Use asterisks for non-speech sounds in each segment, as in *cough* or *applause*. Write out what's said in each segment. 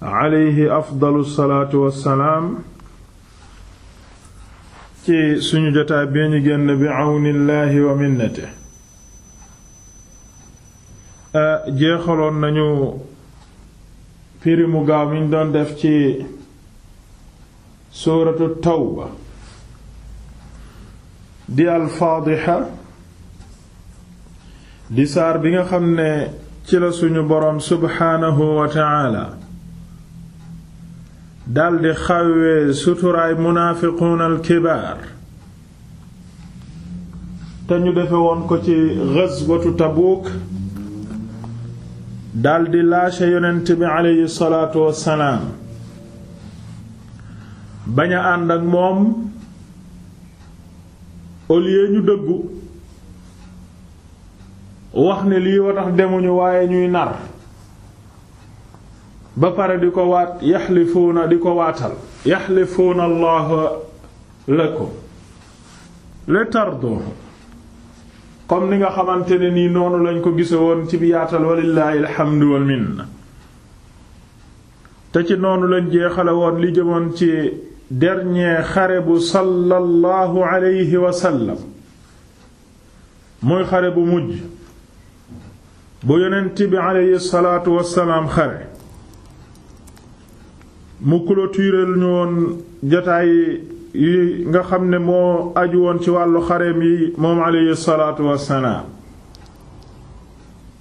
aleyhi afdalu salaatu salaam ci suñu jotaay bi ñu génn bi àwnillaahi wa minnate jeexaloon nañu firi mu gaaw mi ñu doon def ci suuratu tawba di alfaadixa di saar bi nga xam ne ci la suñu boroom subxaanahu wa taala daldi xawwe suturaay munaafiquun alkibaar te ñu defe woon ko ci ghazwatu Tabuuk daldi laase yonent bi aleyhi salaatu wassalaam bañ a ànd ak moom au lieu ñu dëggu wax ne lii wa demuñu waaye ñuy nar ba pare di ko waat yaxlifuuna di ko waatal yaxlifuuna allah lakum li tarduhu comme ni nga xamante ne nii noonu lañ ko gise woon ci bi yaatal walillaahi te ci noonu lañ jeexale woon li jëmoon ci dernier xare bu sallallahu alayhi wa sallam xare bu mujj bu yeneen bi alayhi salaatu wassalaam xare mu clôturer ñu woon jotaay yi nga xam ne moo aju woon ci wàllu xareem yi moom alayhi salaatu wassalaam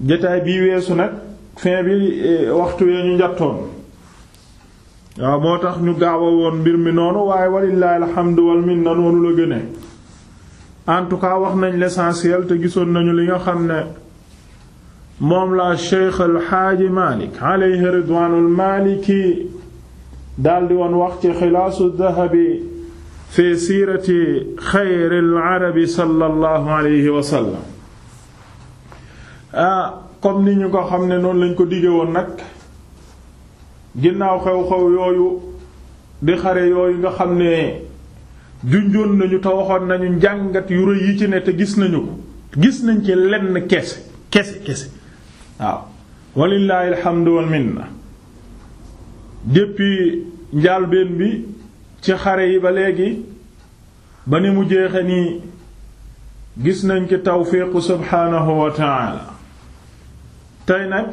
jotaay bii weesu nag fin bi eh, waxtu yee ñu njattoon waaw moo tax ñu gaaw woon mbir mi noonu waaye walillaahi alhamdu wal minna noonu la gëne en tout cas wax nañ l'essentiel te gisoon nañu li nga xam ne moom la Cheikh alxaaji Malik alayhi ridwaanul Maliki daldi woon wax ci xilaasu dahabi fi siirati xayril arabi sallallahu alayhi wa sallam ah comme ni ñu ko xam ne noonu lañ ko dige woon nag ginnaaw xew-xew yooyu di xare yooyu nga xam ne junjoon nañu te waxoon nañu njàngat yu rëy yi ci ne te gis nañu ko gis nañ ci lenn kese kese kese waaw walillahi alhamdu wal minna depuis njaalbeen bi ci xare yi ba léegi ba ni mu jeexe ni gis nañ ci tawfiiqu subhaanahu wa tey nag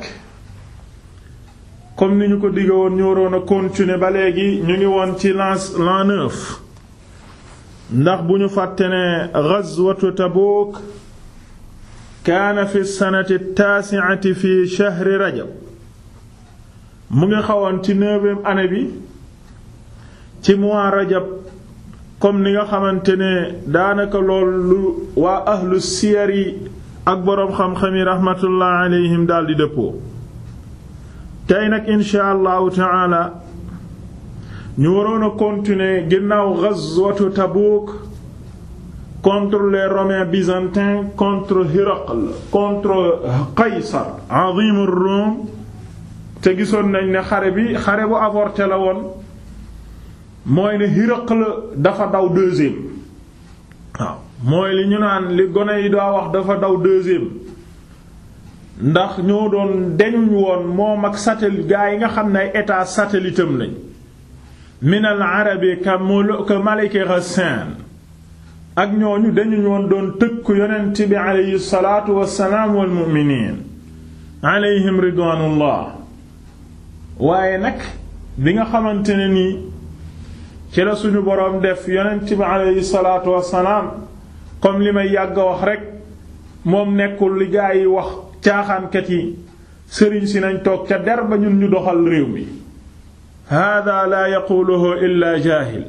comme ni ñu ko digge ñu waroon a continuer ba léegi ñu ngi woon ci l'an l'an neuf ndax bu ñu fàtte ne ghazwatu Tabuuk kaana fi sanati taasi'ati fi shahri rajab mu ngi xawoon ci neuvième année bi ci mois rajab comme ni nga xamante ne daanaka lool lu waa ahlu siyar yi ak boroom xam-xam yi rahmatullah alayhim daldi dëppoo tey nag insha allahu taala ñu waroon a continuer ginnaaw ghazwatu Tabouk contre les romains byzantins contre Hiraql contre Qaysar azimur Rum te gisoon nañ ne xare bi xare bu avorté la woon mooy ne Hiraql dafa daw deuxième waaw mooy li ñu naan li gone yi daa wax dafa daw deuxième ndax ñoo doon deñuñ woon moom ak satellite gaa yi nga xam ne ay satelitam satellitam lañ min al arabi ka Malik Ghassan ak ñooñu dañuñ woon doon tëkk yonent bi aleyhi salaatu wassalaam wal mu'miniin aleyhim ridwaanullah waaye nag bi nga xamante ne nii ci la suñu boroom def yonent bi aleyhi salaatu wassalaam comme li may yàgg a wax rekk moom nekkul li yi wax caaxaanket yi sëriñ si nañ toog ca der ba ñun ñu doxal réew mi hàdda laa yaquluhu illaa jaahil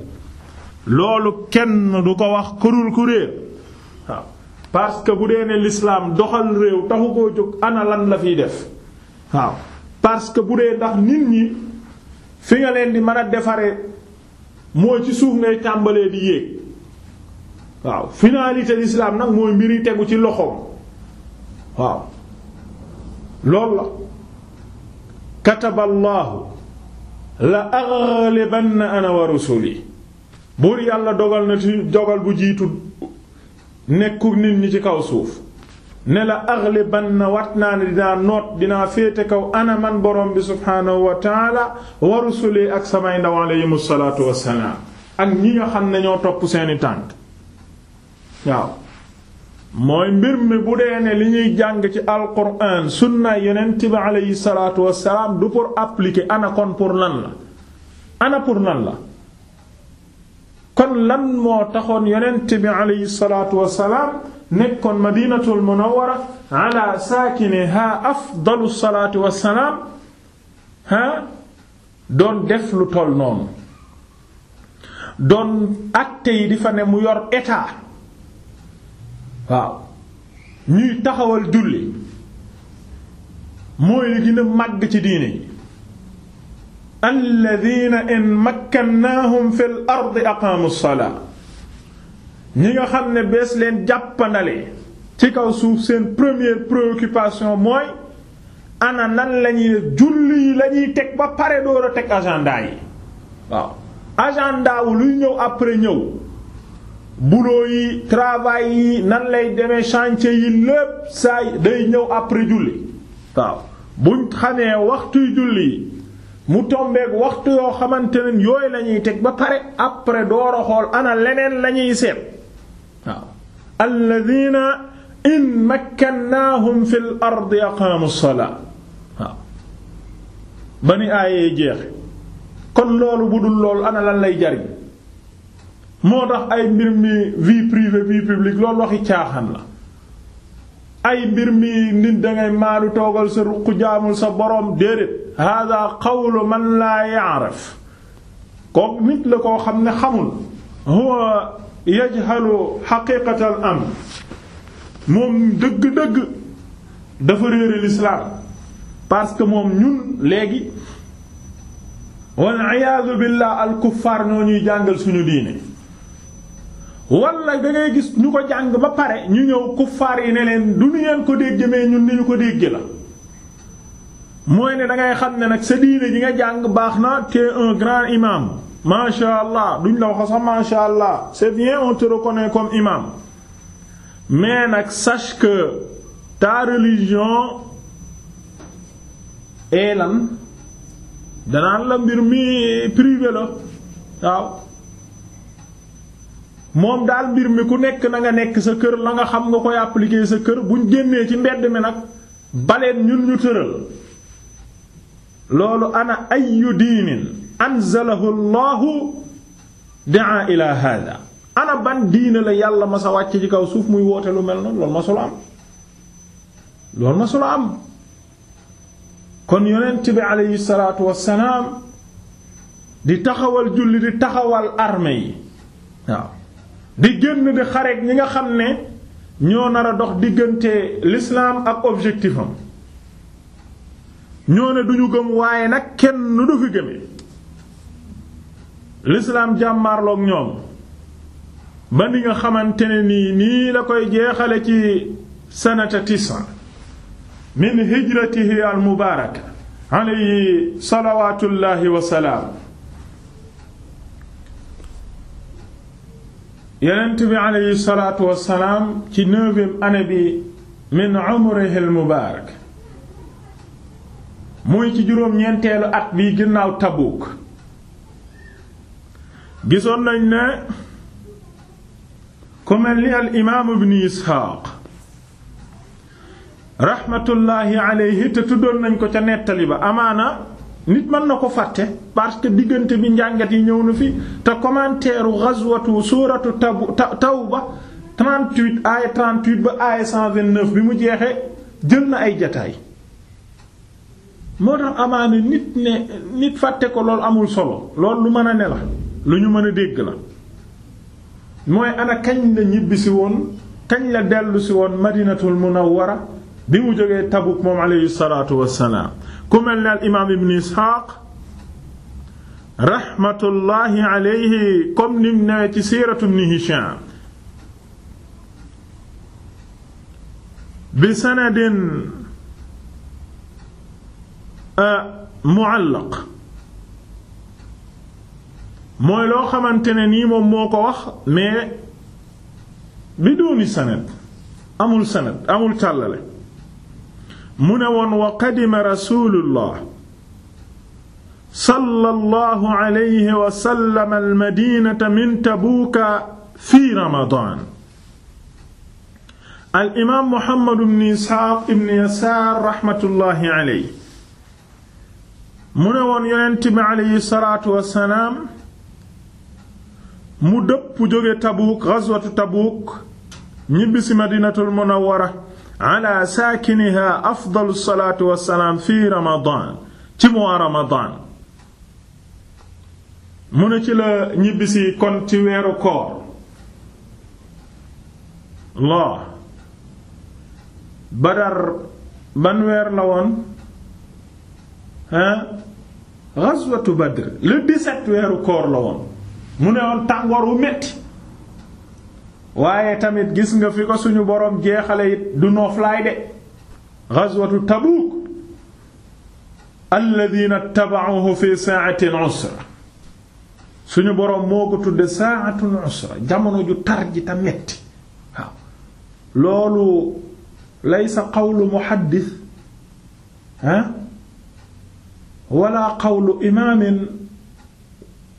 loolu kenn du ko wax kurul ku réer que bu dee ne lislaam doxal réew taxu koo jóg ana lan la fi def parce que bu dee ndax nit ñi fi nga leen di mën a defaree mooy ci suuf ngay tàmbalee di yéeg waaw finalité l'islam nag mooy mbir yi tegu ci loxoom waaw loolu la kataballaahu la aghlibanna ana wa rusuli buur yàlla dogal na ci dogal bu jiitu nekku nit ñi ci kaw suuf ne la na wat naa ne dinaa noot dinaa féete kaw ana man borom bi subhaanahu wa taala ak samay ndaw alayhimu salaatu wassalaam ak ñi nga xam ne ñoo topp seeni tànk waaw mooy mbir mi bu dee ne li ñuy jàng ci alquran sunna yonent bi alayhi salaatu wassalaam du pour appliquer ana kon pour lan la ana pour lan la kon lan moo taxoon yonent bi alayhi salaatu nekkoon madinatul munawwara ala saakiniha afdalu salaatu wassalaam ha doon def lu toll noonu doon acte yi di fa ne mu yor état waaw ñuy taxawal julli mooy li gën a màgg ci diine yi alladhina in makkannahum fil ardi aqamu ssalaa ñi nga xam ne bees leen jàppandalee ci kaw suuf seen première préoccupation mooy ana nan lañuy def julli yi la teg ba pare door a teg agenda yi waaw agenda wu luy ñëw après ñëw boulot yi travail yi nan lay demee chantier yi lépp saay day ñëw après julli waaw buñ xamee waxtuy julli yi mu tombeek waxtu yoo xamante ne yooyu la ñuy teg ba pare après door a xool ana leneen lañuy seet alladina in makkannaahum fi l ardi aqaamu salaa waaw ba ni kon loolu bu dul loolu ana lan lay jariñ moo tax ay mbir mi vie privée vie publique loolu waxi caaxaan la ay mbir mi nit dangay maadu toogal sa ruq jaamul sa boroom déedéet hada qawlu man laa yaaraf kook nit la koo xam ne xamul huwa yajhalu xaqiqatal amr moom dëgg-dëgg dafa réere l'islam parce que moom ñun léegi wal iyaadu billah al kuffaar ñoo ñuy jàngal suñu diine wala da ngay gis ñu ko jàng ba pare ñu ñëw kuffaar yi ne leen du ñu ngeen ko dégg mais ñun ni ñu ko dégg la mooy ne da ngay xam ne nag sa diine ji nga jàng baax na te un grand imam macha allah duñ la wax sax macha allah c'est bien on te reconnaît comme imam mais nag sache que ta religion est danaan la mbir mi privé la waaw moom daal mbir mi ku nekk na nga nekk sa kër la nga xam nga koy appliquer sa kër buñ génnee ci mbedd mi nag baleen ñun ñu tëral loolu ana ayu diinin anzalahu allahu daa ila hada ana ban diina la yàlla ma sa wàcc ci kaw suuf muy woote lu mel noonu loolu ma sula am loolu sula am kon yonent bi aleyhi salaatu di taxawal julli di taxawal armée yi waaw di génn di xareeg ñi nga xam ne ñoo nar a dox diggante lislaam ak objectif am ñoo ne duñu gëm waaye nag kenn du fi gëmee lislaam jàmmaarloog ñoom ba ni nga xamante ne nii nii la koy jeexale ci sanata tisan min hijratihi al mubaaraka alayhi salawaatullaahi wa salaam yonent bi alayhi salaatu wa salaam ci neuvième année bi min umrihi al mubaarak muy ci juróom-ñeenteelu at bi ginnaaw Tabuuk gisoon nañ ne ku mel ni al imaam ibn isxaaq raxmatullaahi alayhi te tuddoon nañ ko ca nettali ba amaana nit mën na ko fàtte parce que diggante bi njàngat yi ñëw na fi te commentaire gazwatu suuratu tawba 38 aaya 38 ba aaya bi mu jeexee jël na ay jataay moo tax amaana nit ne nit fàtte ko lool amul solo loolu lu mën a ne lu ñu mën a dégg la mooy ana kañ la ñibbisi woon kañ la dellu si woon madinatul munawwara bi mu jógee tabuk moom aleyhi salaatu wassalaam ku mel ne al imaam ibn isxaaq raxmatullaahi aleyhi comme nim newee ci siiratu ibn hisham bi sanadin euh, muallaq mooy loo xamante ne nii moom moo ko wax mais bi dooni sanad amul sanad amul càllale mu ne woon wa qadima rasulullah sallallahu alayhi wa sallam al madinata min tabuuka fi ramadan al imaam muhammad ibn isxaaq ibn yasaar raxmatullahi alayhi mu ne woon yonent bi alayhi salaatu wassalaam mu dëpp jóge tabuuk ghazwatu tabuuk ñibbisi madinatul munawwara ala saakiniha afdalu salaatu wassalaam fi ramadaan ci mois ramadaan mu ne ci la ñibbisi kon ci weeru koor laa badar ban weer la woon hein ghazwatu badr le 17 weeru koor la woon mu ne woon tàngoor wu metti waaye tamit gis nga fi ko suñu boroom jeexale it du nooflaay de ghazwatu Tabuuk alladhina taba'uhu fi sa'atin usra suñu boroom moo ko tudde sa'atun usra jamono ju tar ji ta metti waaw loolu laysa qawlu muhaddis ah wala qawlu imaamin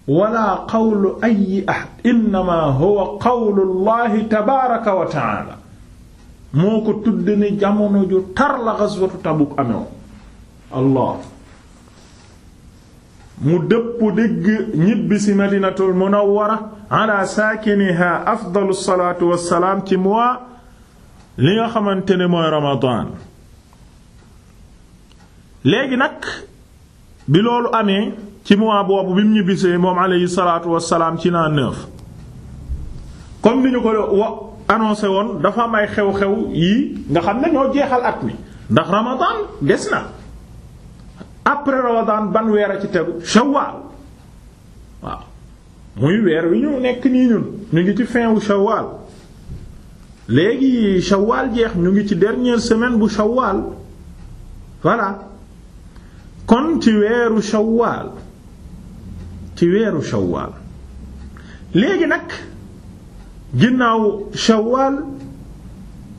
wala qawlu ayi ahad innama huwa qawlu llahi tabaaraka wa taala moo ko tudd ne ju tar la ghazwatu Tabuk amewoon allah mu dëpp dégg ñibbisi madinatul munawwara ala saakiniha afdalu salaatu wassalaam ci mois li nga xamante ne mooy ramadaan léegi nag bi loolu amee ci mois boobu bi mu ñibbisee moom aleyhi salaatu wassalaam ci la neuf comme ni ko wa woon dafa am xew-xew yii nga xam ne ñoo jeexal at mi ndax ramadan des na après ramadan ban weer a ci tegu shawwal waaw muy weer wi ñu nekk nii ñun ñu ngi ci fin wu shawwal léegi shawwal jeex ñu ngi ci dernière semaine bu shawwal voilà kon ci weeru shawwal ci weeru shawaal léegi nag ginnaaw shawaal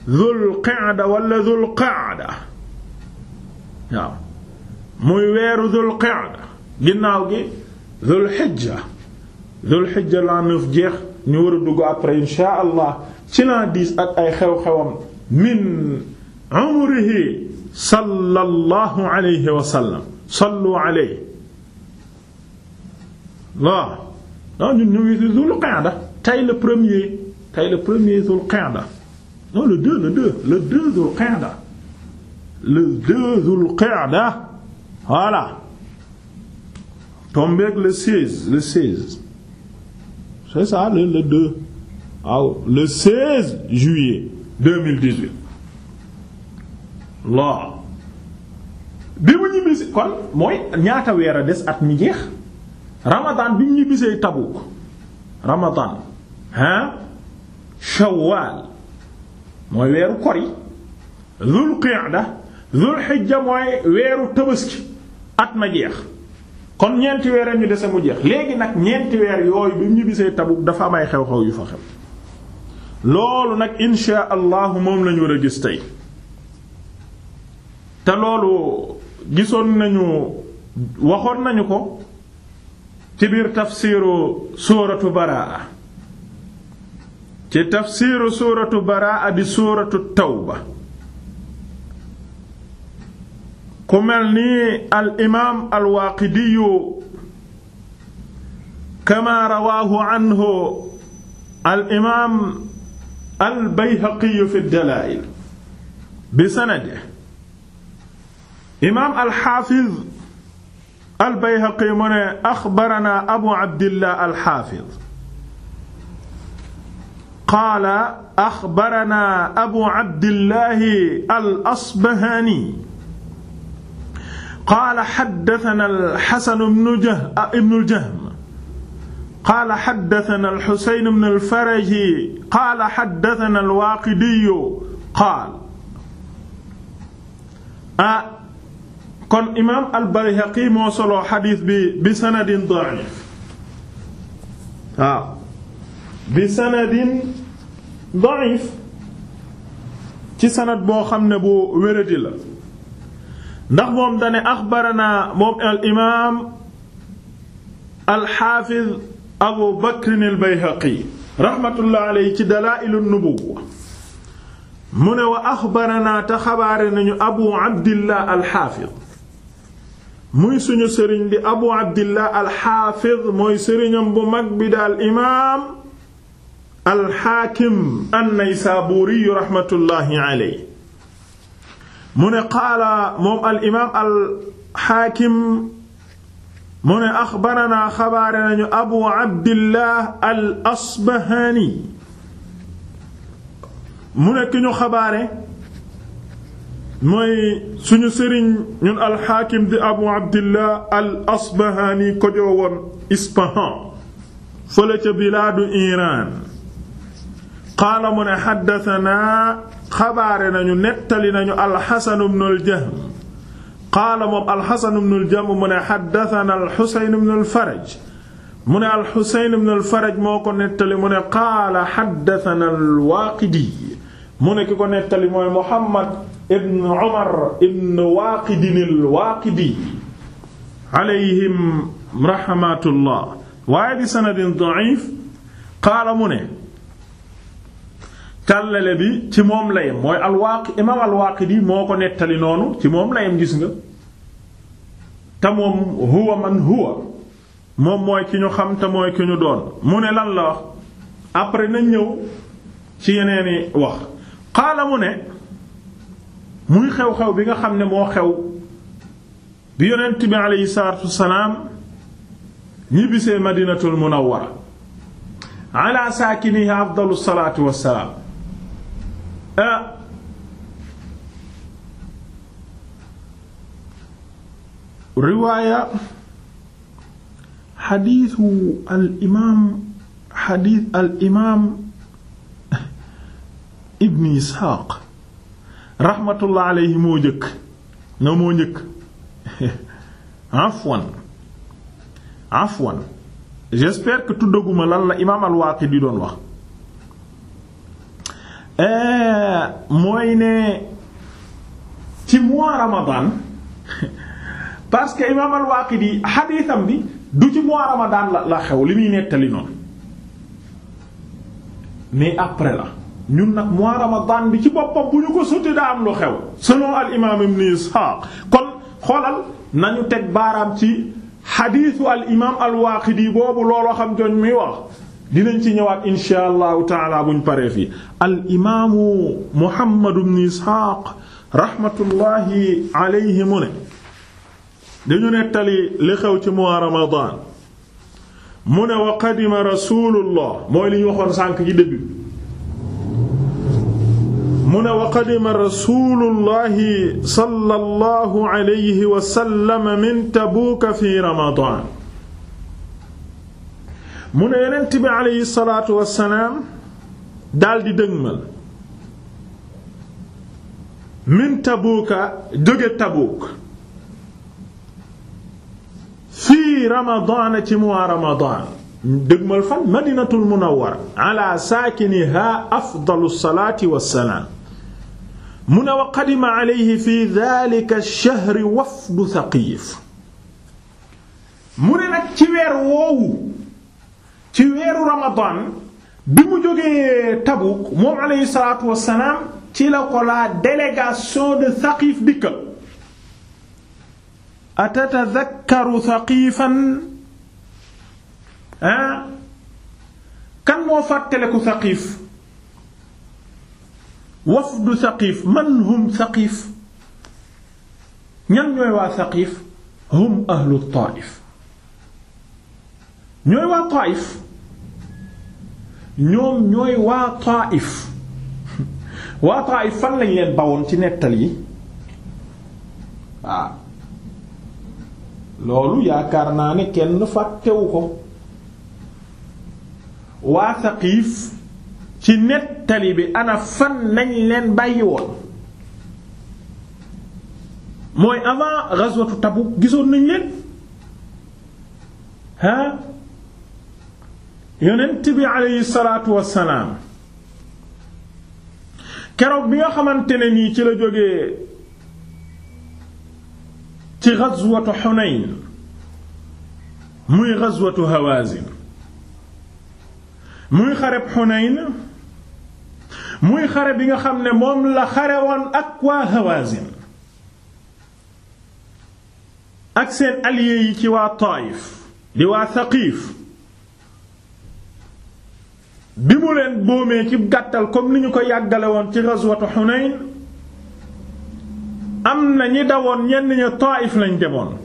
dhul qaada wala dhul qaada waaw muy weeru dhul qaada ginnaaw gi dhul xijja dhul xijja la neuf jeex ñu war a dugg après inshaa allah ci la dix ak ay xew-xewam min umrihi sallallahu alayhi wa sallam sallu alayhi waaw non ñun ñu ngi ci Zul Qa'da le premier tey le premier Zul Qa'da non le deux le deux le deux Zul Qa'da le deux Zul Qa'da voilà tombeeg le seize le seize c'est ça le le deux waaw le juillet deux mille dix-huit waaw bi mu mooy ñaata weer a des at mi ramadan bi mu ñu bisee Tabuk ramadan ah shawwal mooy weeru kori zul qi'da zul xijja mooy weeru tabaski at ma jeex kon ñeenti weer ñu dese mu jeex léegi nag ñeenti weer yooyu bi mu ñu dafa am ay xew-xew yu fa xew loolu nag insha allahu moom lañu war a gis tey te loolu gisoon nañu waxoon nañu ko ci biir tafsiru suuratu baraa ci tafsiru suuratu baraa di suuratu tawba ku mel ni al imaam al waaqidiyu kamaa rawaahu anhu al imaam al bayhaqiyu fi dalaa'il bi sanadihi imaam al xaafiz albayhaqi mu ne axbarana abu abdillah alxaafiz qaala axbarana abu abdillahi al asbahaani qaala xaddatana alxasan ibnu aljahm qaala xaddatana alxusayn ibnu alfaraji qaala xaddatana alwaaqidiyu qaal ah, kon imaam al-Bayhaqi moo soloo xadiis bi bi sanadin da'if waaw bi sanadin da'if ci sanad boo xam ne bu wéradi la ndax moom dane axbarana moom al imaam alxaafiz abu bakrin albayhaqi raxmatullah aley ci dalaa'ilu nubuwa mu ne wa axbarana te xabaare nañu abu abdillah alxaafiz muy suñu sëriñ li abu abdillah alxaafiz mooy sëriñam bu mag bi di al imaam alxaakim an-Naysaabuuri raxmatullaahi aley mu ne qaala moom al imaam alxaakim mu ne axbaranaa xabaare nañu abu abdillah al asbahaani mu ne ki ñu xabaare mooy suñu sëriñ ñun alxaakim di abu abdillah al asbahani ko joowoon ispahan fële ca bilaadu iran qaala mu ne xaddatanaa xabaare nañu nettali nañu alxasanu bnul jahm moom alxasanu bnul jahm mu ne xaddatana alxuseyn bnul faraj mu ne alxuseyn bnul faraj moo ko nettali mu ne qaala xaddatana alwaaqidi mu ne ki ko nettali mooy muhammad ibn Umar ibn Waaqidin al-Waaqidi alayhim mu ne càllale bi ci moom la yem mooy alwaaqi imaam alwaaqidi moo ko nettali noonu ci moom la gis nga te moom huwa man huwa moom mooy ki ñu xam te mooy ki ñu doon mu ne lan la wax après nañ ñëw ci yeneeni wax qaala mu ne muy xew-xew bi nga xam ne moo xew bi yonent bi aleyhi salaatu wassalaam ñibbisee madinatul munawwara ala saakinihi afdalu salaatu wassalaam ah. riwaaya xadiisu al imaam xadiis al imaam ibn rahmatullah alayhi moo njëkk nga moo njëkk *laughs* afwan afwan j'espère que tuddaguma lan la imaam al-Waaqidi doon wax euh, mooy ne ci mois *laughs* parce que imaam al-Waaqidi xadiisam bi du ci mois la la xew li muy nettali noonu mais après la ñun nag mois ramadan bi ci boppam bu ñu ko sotti daa am lu xew su selon al imaam ibn Ishaq kon xoolal nañu teg baaraam ci xadiisu al imaam al Waaqidi boobu looloo xam joñ muy wax dinañ ci ñëwaat insha allahu taala buñ paree fii al imaamu Muhammad ibn Ishaq rahmatullahi alayhi mu ne dañu nettali li xew ci mois ramadan mu ne wa qadima rasulullah mooy li ñu waxoon sànk ci début mu ne wa qadima rasulullahi sallallahu alayhi wa sallam min tabuuka fi ramadaan mu ne yonent bi alayhi salaatu wassalaam daldi dëgmal min tabuuka jóge tabuuk fii ramadaan ci mois ramadaan dëgmal fan madinatul munawwara ala saakinihaa afdalu salaati wassalaam mu ne wa qadima alayhi fi dhalika ash-shahr wafdu Thaqif mu ne nag ci weer woowu ci weeru Ramadan bi mu jógee Tabuk moom alayhi salaatu wassalaam ci la ko la délégation de Thaqif dikka atatadhakkaru Thaqifan ah kan moo fàttaliku Thaqif wafdu Saqif man hum Saqif ñan ñooy waa Saqif hum ahlu Taif ñooy waa Taif ñoom ñooy waa Taif *laughs* waa Taif fan lañ leen bawoon ci nettal yi waaw ah. loolu yaakaar naa ne kenn fàttewu ko waa Saqif ci nettali bi ana fan nañ leen bàyyi woon mooy avant ghazwatu Tabuk gisoon nañ leen ah yonent bi aleyhi salaatu wassalaam keroog bi nga xamante ne nii ci la jógee ci ghazwatu Hunayn muy ghazwatu Hawazin muy xareb Hunayn muy xare bi nga xam ne moom la xare woon ak waa Hawazin ak seen alliés yi ci waa Taif di waa Thaqif bi mu leen boomee ci gàttal comme ni ñu ko yàggale woon ci ghazwatu Hunayn am na ñi dawoon ñenn ña Taif lañ demoon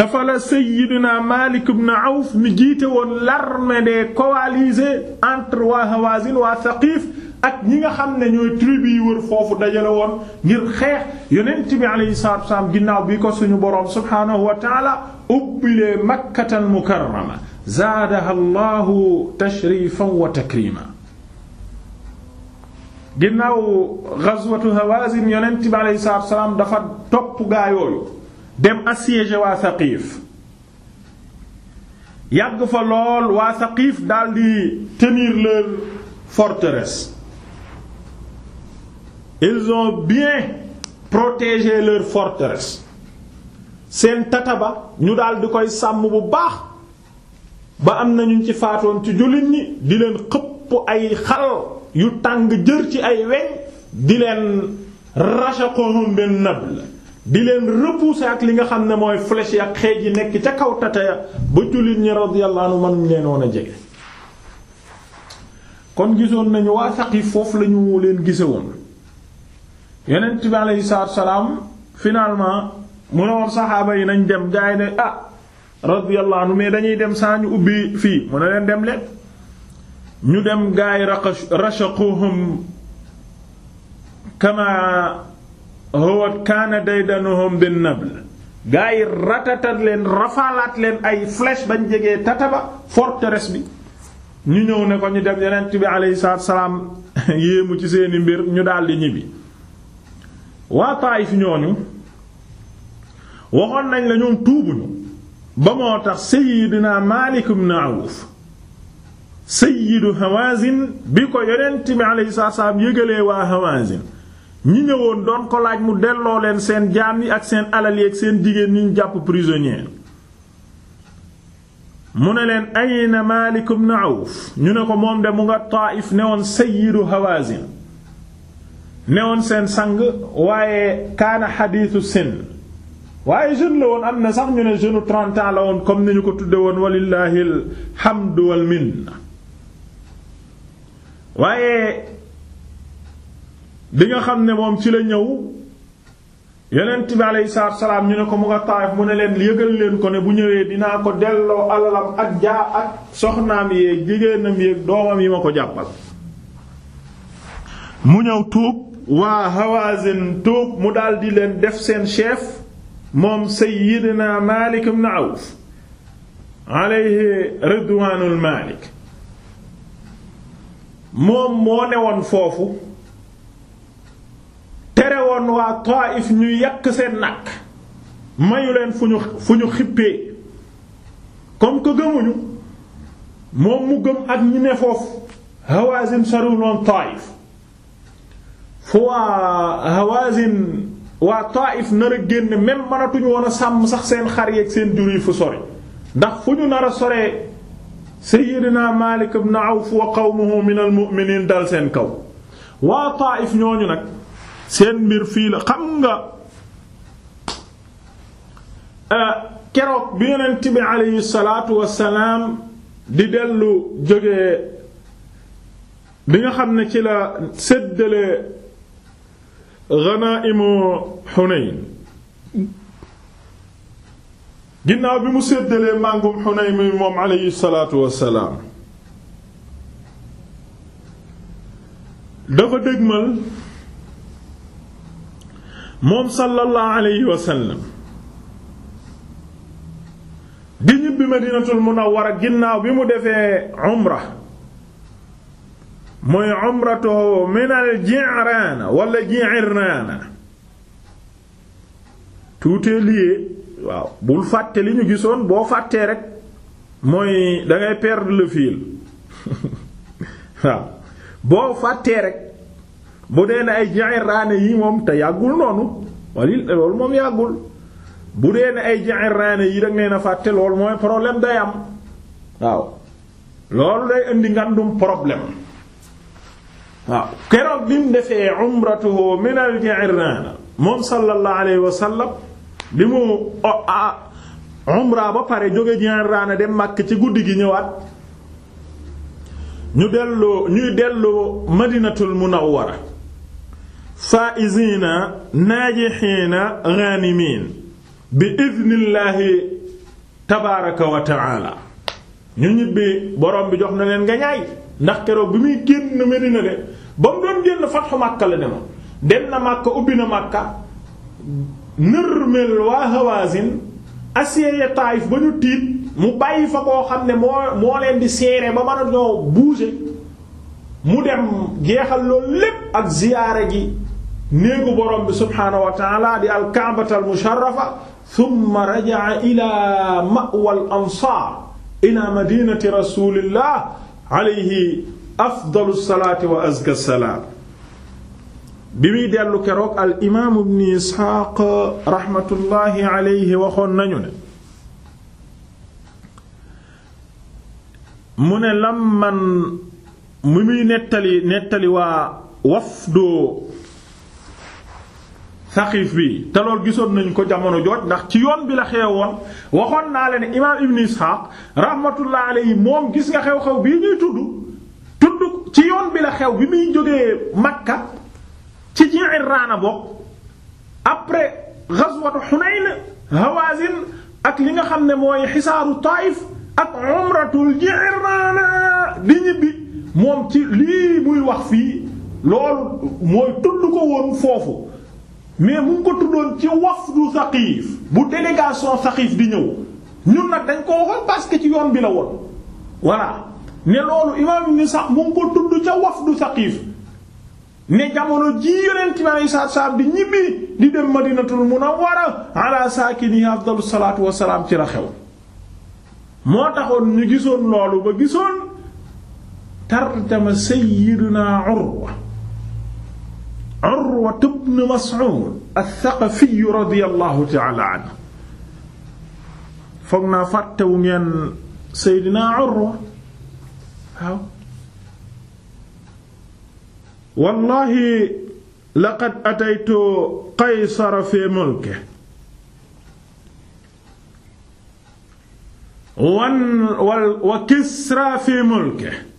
te fa la Seydina Malik ibn Awf mi jiite woon l'armée des coalisés entre waa Hawazin waa Thaqif ak ñi nga xam ne ñooy tribu yi foofu dajale woon ngir xeex yonent bi alayhi salaatu wasalaam ginnaaw bi ko suñu boroom subhaanahu wa taala ubbilee Makkatal Mukarrama zaadaha Allahu tashrifan wa takrima ginnaaw ghazwatu Hawazin yonent bi dem assiéger waa Saqiif yàgg fa lool waa Saqiif daldi tenir leur forteresse ils ont bien protégé leur forteresse seen tataba ñu daldi koy sàmm bu baax ba am na ñu ci faatoon ci jullit ñi di leen xëpp ay xal yu tàng jër ci ay weñ di leen rashaqohum bin nabl di leen repousser ak li nga xam ne mooy flèche yi ak xeej yi nekk ca kaw tata ya ba jullit ñi radiyallahu anhu mënuñ leen won a jege kon gisoon nañu waa yi foofu lañu ñu leen gise woon yonent bi aleyhi salaatu salaam finalement mu ne woon saxaaba yi nañ dem gaay ne ah radiyallahu anhu mais dañuy dem saa ñu ubbi fii mu ne leen dem leen ñu dem gaay raqash rashaquhum kama huwa kaana daydanuhum bin nabl gaa yi ratatat leen rafaalaat leen ay flèche bañ jegee tataba forteresse bi ñu ñëw ne ko ñu dem yonent bi aley salaatu salaam *laughs* yéemu ci seeni mbir ñu daldi ñibbi waa Taayif ñooñu waxoon nañ la ñoom tuubuñu ba moo tax Seyyidina Maalik ibn Awf Seyyidu Hawaazin bi ko yonent bi alayhi salaam yëgalee waa Hawaazin ñu ñëwoon doon ko laaj mu delloo leen seen jaam yi ak seen alal yi ak seen jigéen ñi ñu jàpp prisonnier mu ne leen ayna Maalik ibn Awf ñu ne ko moom de mu nga Taayif newoon sayyidu Hawaazin newoon seen sang waaye kaana xadiisu sin waaye jeune la woon am na sax ñu ne jeune trente la woon comme ni ko tudde woon walillaahi alhamdu wal minna waaye bi nga xam ne moom ci la ñëw yonent bi alayhi salaam ñu ne ko mu nga Taayif mu ne leen yëgal leen ko ne bu ñëwee dinaa ko delloo alalam ak jaa ak soxnaam yeeg jigéenam yeeg doomam yi ma ko jàppal. mu ñëw tuub waa Hawazin tuub mu daldi leen def seen chef moom Sayyidina Maalik ibn Awf alayhi ridwaanul Maalik moom moo newoon foofu. woon waa Taif ñu yàq seen nag mayu leen fu ñu fu ñu xippee comme que gëmuñu moom mu gëm ak ñi ne foofu Hawazin saruloon Taif fu waa Hawazin waa Taif nar a génn même mënatuñu woon a sàmm sax seen xar yeeg seen jur yi fu sori ndax fu ñu nar a soree Seyyidina Malik ibn Awf wa qawmuhu min al-mu'minin dal seen kaw waa Taif ñooñu nag. seen mbir fii la xam nga euh, keroog bi yonent bi aleyhi salaatu wassalaam di dellu jógee bi nga xam ne ci la séddale ghanaimu Hunayn ginnaaw bi mu séddalee màngum Hunayn moom aleyhi salaatu wassalaam dafa dëgmal moom sallallahu alayhi wa sallam di ñibbi madinatul munawwara ginnaaw bi mu defee umra muy umratu min al ji'rana wala ji'rana tout est waaw bul fàtte li ñu gisoon boo fàttee rek mooy da ngay perdre le *laughs* waaw boo fàttee rek. bu dee ne ay Ji'irraana yi moom te yàggul noonu walil loolu moom yàggul bu dee ne ay Ji'irraana yi dag nee na fàtte loolu mooy problème day am waaw loolu day indi ngandum problème waaw keroog bi mu defee umratuhu moom sallallahu alayhi bi mu ba pare jóge Ji'irraana de Makka ci guddi gi ñëwaat ñu delloo ñuy delloo Madinatul wara faa'iziina naajixiina ghanimiin bi idnillaahi tabaaraka wa ta'aala ñu ñibbi borom bi jox na leen nga ñaay ndax keroog bi muy génn Medina de ba mu doon génn fatxu Makka la demoon dem na Makka ubbi na Makka nërmel waa Hawaazin assiégé Taayif ba ñu tiit mu bàyyi fa koo xam ne moo moo leen di seere ba mën a ñoo bouger mu dem jeexal loolu lépp ak ziyaara ji néegu borom bi subhaanahu wa taala di alkaabata almusharrafa thumma raja'a ila ma'wa ansaar ila madinati rasulillah alayhi afdalu salaati wa azka salaam bi muy dellu keroog al imaam ibn isxaaq raxmatullaahi alayhi waxoon nañu ne mu ne lamman mu muy nettali nettali waa wafdu Saqif bi te lool gisoon nañ ko jamono jot ndax ci yoon bi la xewoon waxoon naa leen imaam Ibn Ishaq rahmatullah alayhi moom gis nga xew-xew bii ñuy tudd tudd ci yoon bi la xew bi muy jógee Makka ci Ji'irraana bokk après ghazwatu Hunayn Hawazin ak li nga xam ne mooy xisaaru Taif ak umratul Ji'irraana di ñibbi moom ci lii muy wax fii loolu mooy tudd ko woon foofu. mais mu ngi ko tuddoon ci wafdu Saqiif bu délégation Saqiif di ñëw ñun nag dañ ko waxoon parce que ci yoon bi la woon voilà ne loolu imaam ibn Sa'd mu ngi ko jamono ji yonent bi alayhi salaatu salaam di ñibbi di dem a Munawwara ala saakini afdalu salaatu wassalaam ci la xew moo taxoon ñu gisoon loolu ba gisoon tartama Sayyidina Urwa Urwa ibn Mas'ud al-Thaqafi radiyallahu ta'ala anhu foog naa fàttewu ngeen Seydina Urwa waaw wallahi laqad ataytu Qaysara fi mulkihi wa Kisra fi mulkihi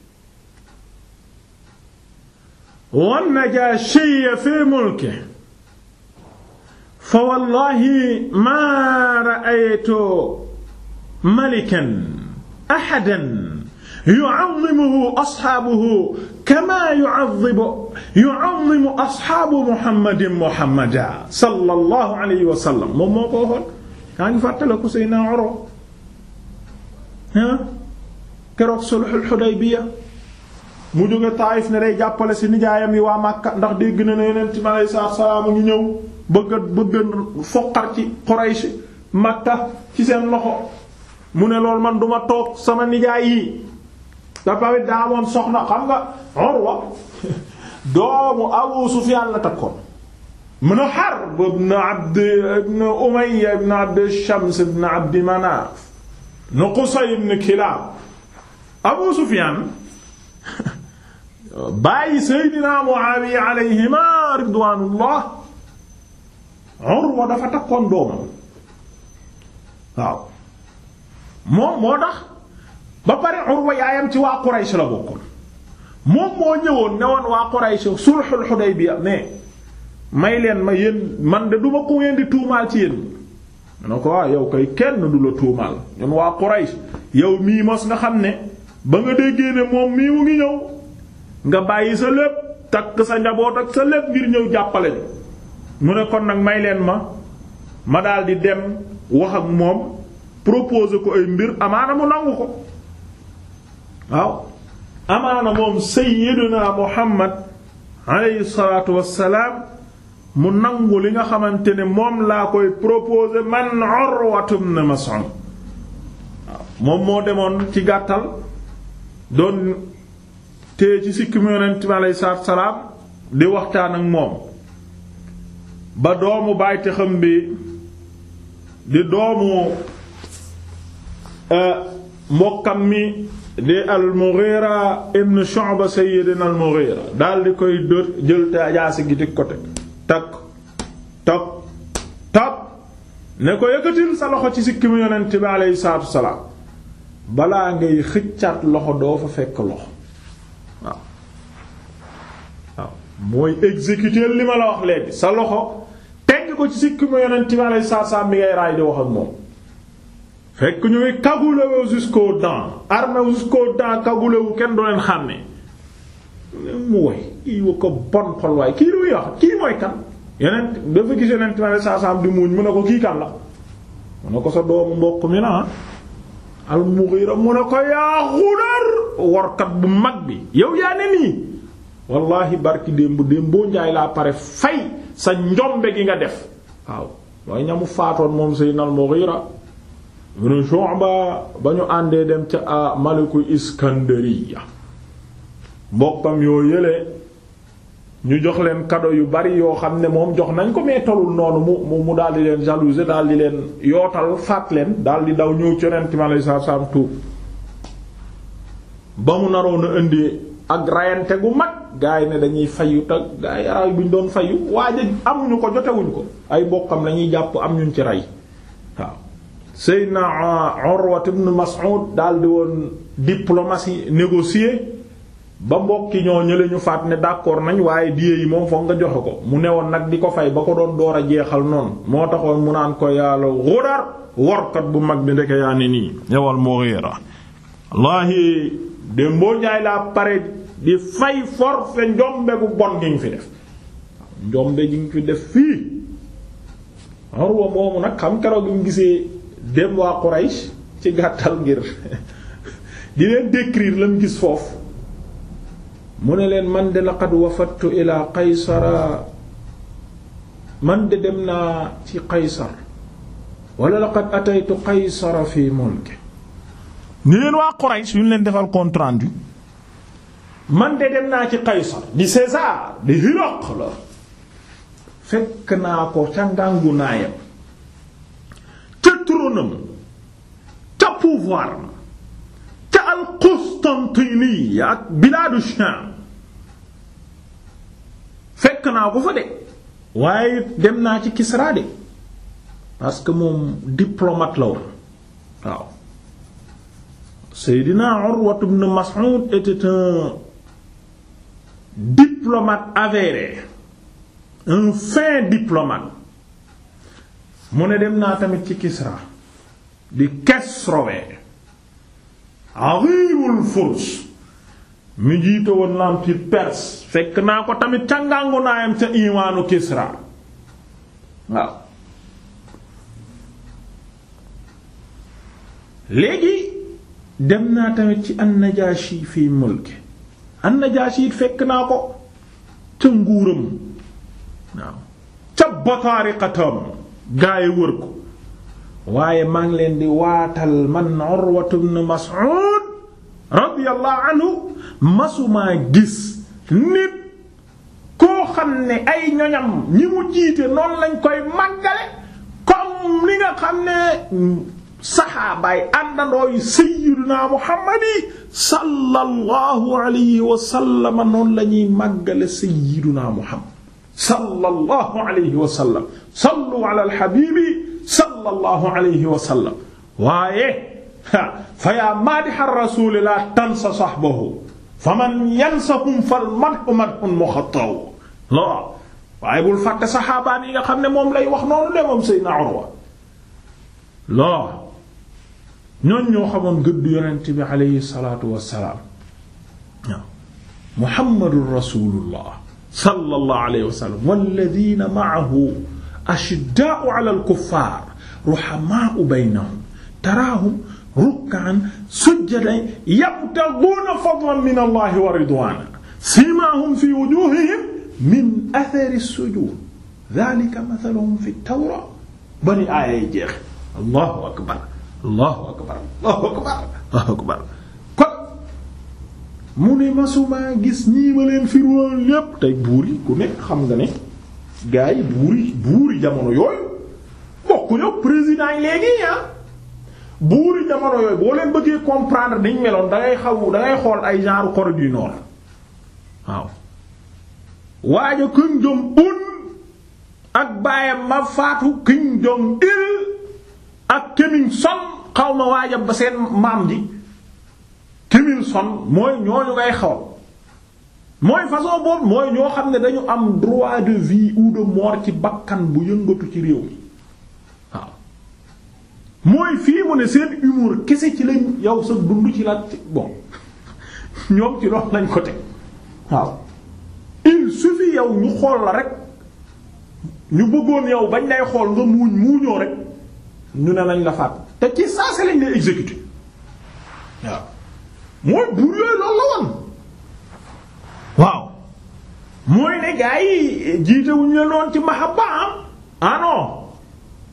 wan najaashiya fi mulki fa wallahi maa ra'aytu malikan ahadan yu'azzimuhu asxaabuhu kamaa yu'azzimu yu'azzimu asxaabu muhammadin muhammadan sallallahu alayhi wa sallam moom moo ko waxoon yaa ngi fàttaliku Seydina Urwa keroog sulhul Hudaybiya mu jóge Taayif ne day jàppale ci nijaayam yi waa Makka ndax dégg na ne Yonent bi alayhi salaatu salaam a ngi ñëw bëgg a bëgg a foqar ci Quraysh Makka ci seen loxo mu ne loolu man duma toog sama nijaay yi dafa daa moom soxna xam nga Urwa *laughs* doomu Abu Sufyaan la takkoon mun a Harb ibn Abd ibn Umayya ibn Abd Shams ibn Abd Manaaf ibn Qusay ibn Kilaab Abu Sufyaan bàyyi Seydina Muawiya alayhima ridwaanullah Urwa dafa moom moo tax ba pare Urwa yaayam ci waa Quraysh la moom moo ñëwoon ne woon waa Quraysh sulhul Hudaybiya mais may leen ma yéen man de duma ko ngeen di tuumaal ci yéen ne ko waaw ah, yow kay kenn du la tuumaal ñun waa Quraysh yow mii mos nga xam ne ba nga déggee ne moom mii mu ngi ñëw nga bàyyi sa lépp takk sa njaboot ak sa lépp ngir ñëw jàppale ñu mu ne kon nag may leen ma ma daldi dem wax ak moom proposer ko ay mbir amaana mu nangu ko waaw amaana moom sayyiduna Muhammad alayhi salaatu mu nangu li nga xamante ne moom laa koy proposer man Urwatu ibn Mas'ud moom moo demoon ci gàttal doon téye ci sikki mu yonent bi aleyhi salaatu salaam di waxtaan ak moom ba doomu bàyyi xam bi di doomu euh, mbokkam mi di al-Mughira ibn ba sayyidina al-Mughira daal di koy dër jël te gi di ko takk takk takk ne ko yëkkatil sa loxo ci sikki mu yonent bi aleyhi salaatu salaam balaa ngay xëccaat loxo doo fa fekk loxo mooy exécuter li ma la wax léegi sa loxo tegg ko ci sikki ma yonent bi alayhi salaam mi ngay raay di wax ak moom fekk ñu ngi cagoulé jusqu'aux dents armé jusqu'aux dents cagoulé wu kenn du leen xàmme mu woy kii ko bon xol kii luy wax kii mooy kan yonent dafa gis yonent bi alayhi salaam di muuñ mu ne ko kii kan la mu ne ko sa doomu mbokk mi na al Mughira mu ko yaa Ghundar warkat bu mag bi yow yaa nii wallahi barki démb démboo njaay laa pare fay sa njombe gi nga def waaw mooy ñamu faatoon moom Seydina al-Mughira ibn Shu'ba ba ñu àndee dem ca ah, maliku Iskandariya mbokkam yoo yële ñu jox leen cadeau yu bari yoo xam ne moom jox nañ ko mais tolul noonu mu mu daal di leen jalouser daal di leen yootal faat leen daal di daw ñëw ci Yonent mi alayhi salaatu wa tuub ba mu naroon a indi ak rayante gu mag gaa yi ne dañuy fayu te gars yi araw bi ñu doon fayu waaye amuñu ko jotewuñu ko ay bokkam lañuy jàpp am ñun ci rey waaw Seydina Urwa ibn Mas'ud daal di woon diplomatie négocier ba mbokki ñoo ñële ñu faat ne d'accord nañ waaye diye yi moom foog nga joxe ko mu newoon nag di ko fay ba ko doon door a jeexal noonu moo taxoon mu naan ko yàlla Ghudar workat bu mag bi ndeke yaa ne nii yowal Mughira wallahi de jaay laa pare di fay forfait njombe gu bon gi ñu fi def njombe gi ñu fi def fii Urwa moomu nag xam keroog bi ñu gisee dem waa Quraysh ci gàttal ngir *laughs* di leen décrire la gis foofu mu ne leen man de laqad wafattu ila qaysara man de dem naa ci qaysar wala laqad ataytu qaysara fi mulki ni leen waa Quraysh yu ñu leen defal compte rendu man de dem naa ci Qaysar di César di Hiraq la fekk naa ko ca ngàngu naayam ca tronam ca pouvoir ma ca al-Qustantiniya ak bilaadu Sham fekk naa ko fa de waaye dem naa ci Kisra de parce que moom diplomate la waaw Seydina Urwa ibn était un diplomate avéré un fin diplomate mu ne dem naa tamit ci Kisra di Kesrowe aribul furs mi jiite woon l'empire perse fekk naa ko tamit ca ngàngunaayam ca imaanu Kisra waaw léegi dem naa tamit ci an-Najashi fi mulki an-Najaashi fekk naa ko ca nguuram waaw ca bataariqatam gaay wër ko waaye maa ngi leen di waatal man Urwatu ibn Mas'ud radiyallahu anhu masumaa gis nit koo xam ne ay ñoñam ñi mu jiite noonu lañ koy màggale comme li nga xam ne saxaabaay àndandooy sayyiduna muhammad yi sallallahu alayhi wa sallam noonu la ñuy màggale sayyiduna muhammad sallallahu alayhi wa sallam sallu ala alhabibi sallallahu alayhi wa sallam waaye fa yaa maadiha rasuli la tansa sahbahu faman yansahum fal madhu madhun muxattaw lo waaye bul fàtte saxaabaan yi nga xam ne moom lay wax noonu de moom sayyidina Urwa lo ñooñ ñoo xamoon gëdd yonent bi aleyhi salaatu wassalaam waaw muhammadu rasulullah sallallahu alayhi wa sallam walladina maahu ashiddaau ala alkuffaar ruhamaau baynahum taraahum rukkaan sujjadan yabtaguuna fadlan min allahi wa ridwaana siimaahum fi wujuuhihim min athari sujuud daalika mathaluhum fi tawraat bani aaya jeex allahu akbar allahu akbar allahu akbar allahu akbar kon mu ne masumaa gis ñii ma leen firoon lépp tey buur ku nekk xam nga ne gars yi buur yi jamono yooyu bokku ñëw président yi léegi ah buur jamono yooyu boo leen bëggee comprendre niñ meloon da ngay xaw da xool ay genre Corée du Nord waaw Un ak baayam ma faatu Kim Jong Il ak Keminson xaw ma waajam ba seen maam ji Keminson mooy ñooñu ngay xaw mooy façon boobu mooy ñoo xam ne dañu am droit de vie ou de mort ci bakkan bu yëngatu ci réew mi waaw mooy fii mu ne seen humour kese ci lañ yow sa dund ci la bon *laughs* ñoom ci loolu lañ ko teg waaw il suffit yow ñu xool la rek ñu bëggoon yow bañ lay xool nga muuñ muuñoo rek. ñu ne nañ la faat te ci saa si lañ lay exécuter waaw mooy buur yooyu loolu la woon waaw mooy ne gaa yi jiitewuñu leen woon ci mahabba am ah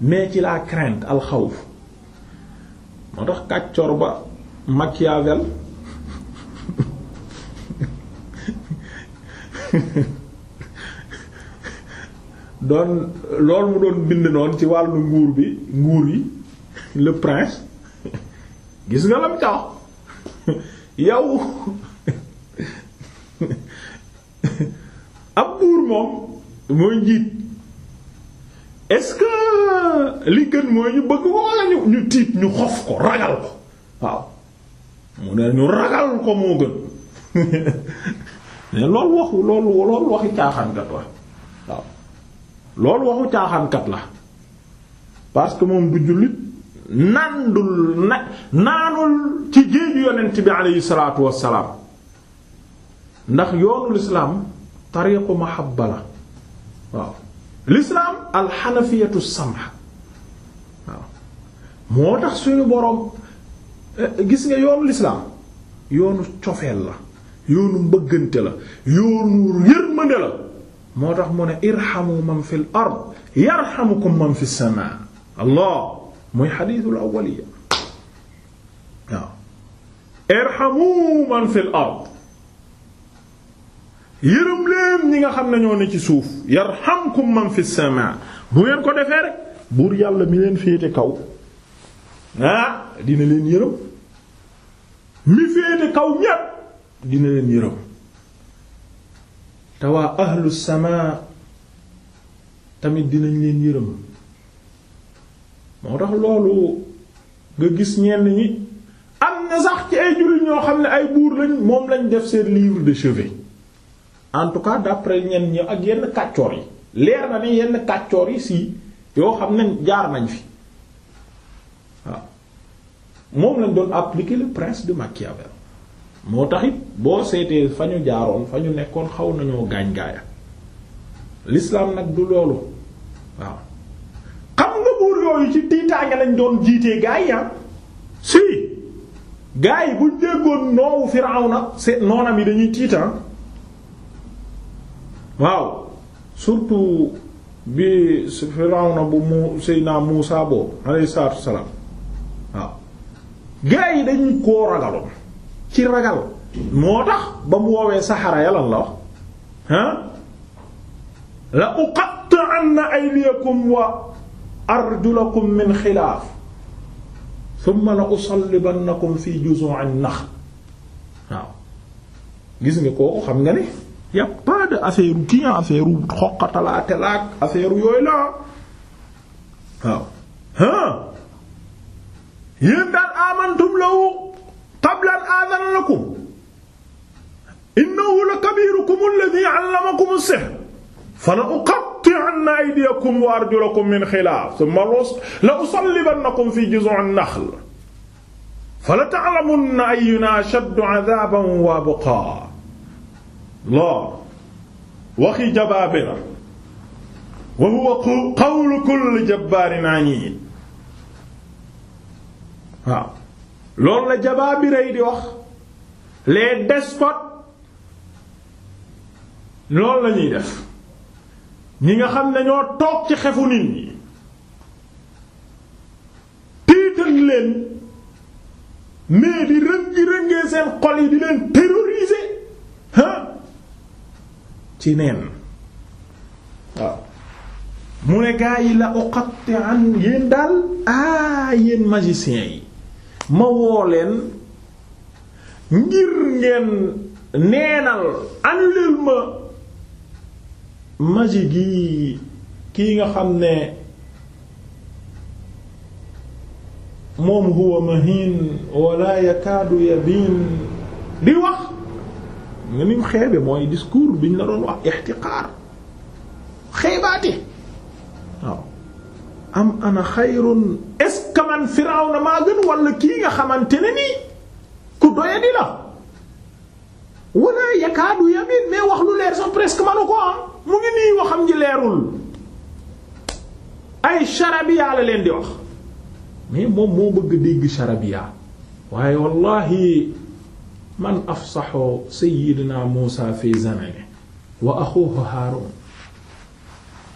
mais ci la crainte al moo tax kàccor ba Machiavel *laughs* doon loolu mu doon bind noonu ci wàllu nguur bi nguur yi le prince gis nga lam ca yow ab buur moom mooy njiit est-ce que li gën mooy ñu bëgg ko walla ñu ñu tiit ñu xof ko ragal ko waaw mu ne ñu ragal ko moo gën *laughs* mais loolu waxu loolu loolu waxi caaxaan kat wax loolu waxu caaxaankat la parce que moom du jullit nandul na naanul ci géeju yonent bi aleyhi wassalaam ndax yoonu lislaam tariqu mahabba la waaw lislaam alxanafiyatu samha waaw moo tax suñu boroom eh, gis nga yoonu lislaam yoonu cofeel la yoonu mbëggante la yoonu yërmande la moo tax mu ne irhamu man fi l ard yarhamukum man fi sama allah muy xadiitul awwaliya waaw irhamu man fi ard yërëm ñi nga xam ne ñoo ne ci suuf yarhamkum man fi sama bu ngeen ko defee rek buur yàlla mi leen féete kaw ah, dina leen yërëm mi féete kaw ñépp dina leen yërëm te waa ahlu sama tamit dinañ leen yërëm moo tax loolu nga gis ñenn ñi am na sax ci ay jullit ñoo xam ne ay buur lañ moom lañ def seen livre de chevet en tout cas d'après ñenn ñi ak yenn kàccoor yi leer na ni yenn kàccoor yi si yoo xam ne jaar nañ fi waaw moom lañ doon appliquer le prince de Machiavel moo taxit boo seetee fa ñu jaaroon fa ñu nekkoon xaw nañoo gaañ gaaya l'islam nag du loolu waaw xam nga buur yooyu ci tiitaange lañ doon jiitee gaay yi ah? si gaay yi bu déggoon noowu noonam yi dañuy tiitaan ah? waaw surtout bi Firawna bu mu Seydina Muusa boobu alayhi salaatu wa salaam waaw gaay yi dañu koo ragaloon ci ragal moo tax ba mu woowee saxara ya lan la wax ah la uqatta'anna aydiyakum wa arjulakum min xilaaf thumma la usallibannakum fi juzu'in nax waaw gis nga kooku xam nga ne y a pas de affaire kii affaire xoqatalaate laak affaire la waaw ah yéen daal amantum law qabla an aadana lakum innahu lakabirukum alladhi 'allamakum as-sihr fala uqatti'anna aydiyakum wa arjulakum min xilaaf thumma la usallibannakum fi juzu'in naxl fala ta'lamunna ayyuna ashaddu 'adhaaban wa abqaa loo waxi jabaabira wa huwa qawlu kulli jabbaarin 'aniid waaw loolu la jabar bi yi di wax les despotes loolu la def ñi nga xam ne ñoo toog ci xefu nit ñi tiital leen mais di rëngi-rëngee seen xol yi di leen terroriser ah ci neen waaw mu ne gaa yi la uqatti an yéen daal ah yéen magiciens yi ma woo leen ngir ngeen neenal annuleel ma magie gi ki nga xam ne moom huwa mahin wala yakaadu yabin di wax nga nim xeebe mooy discours biñ la doon wax ixtiqaar xeebaate am ana xayrun est-ce maa gën wala kii nga xamante ne nii ku doye di la wala yakaadu yamin mais wax lu leer sax presque manu ko am mu ngi nii waxam ji leerul ay charabiya la leen di wax mais moom moo bëgg dégg charabiya waaye wallahi man afsaxu sayyidina Muusa fi zamani wa axuhu Haaruun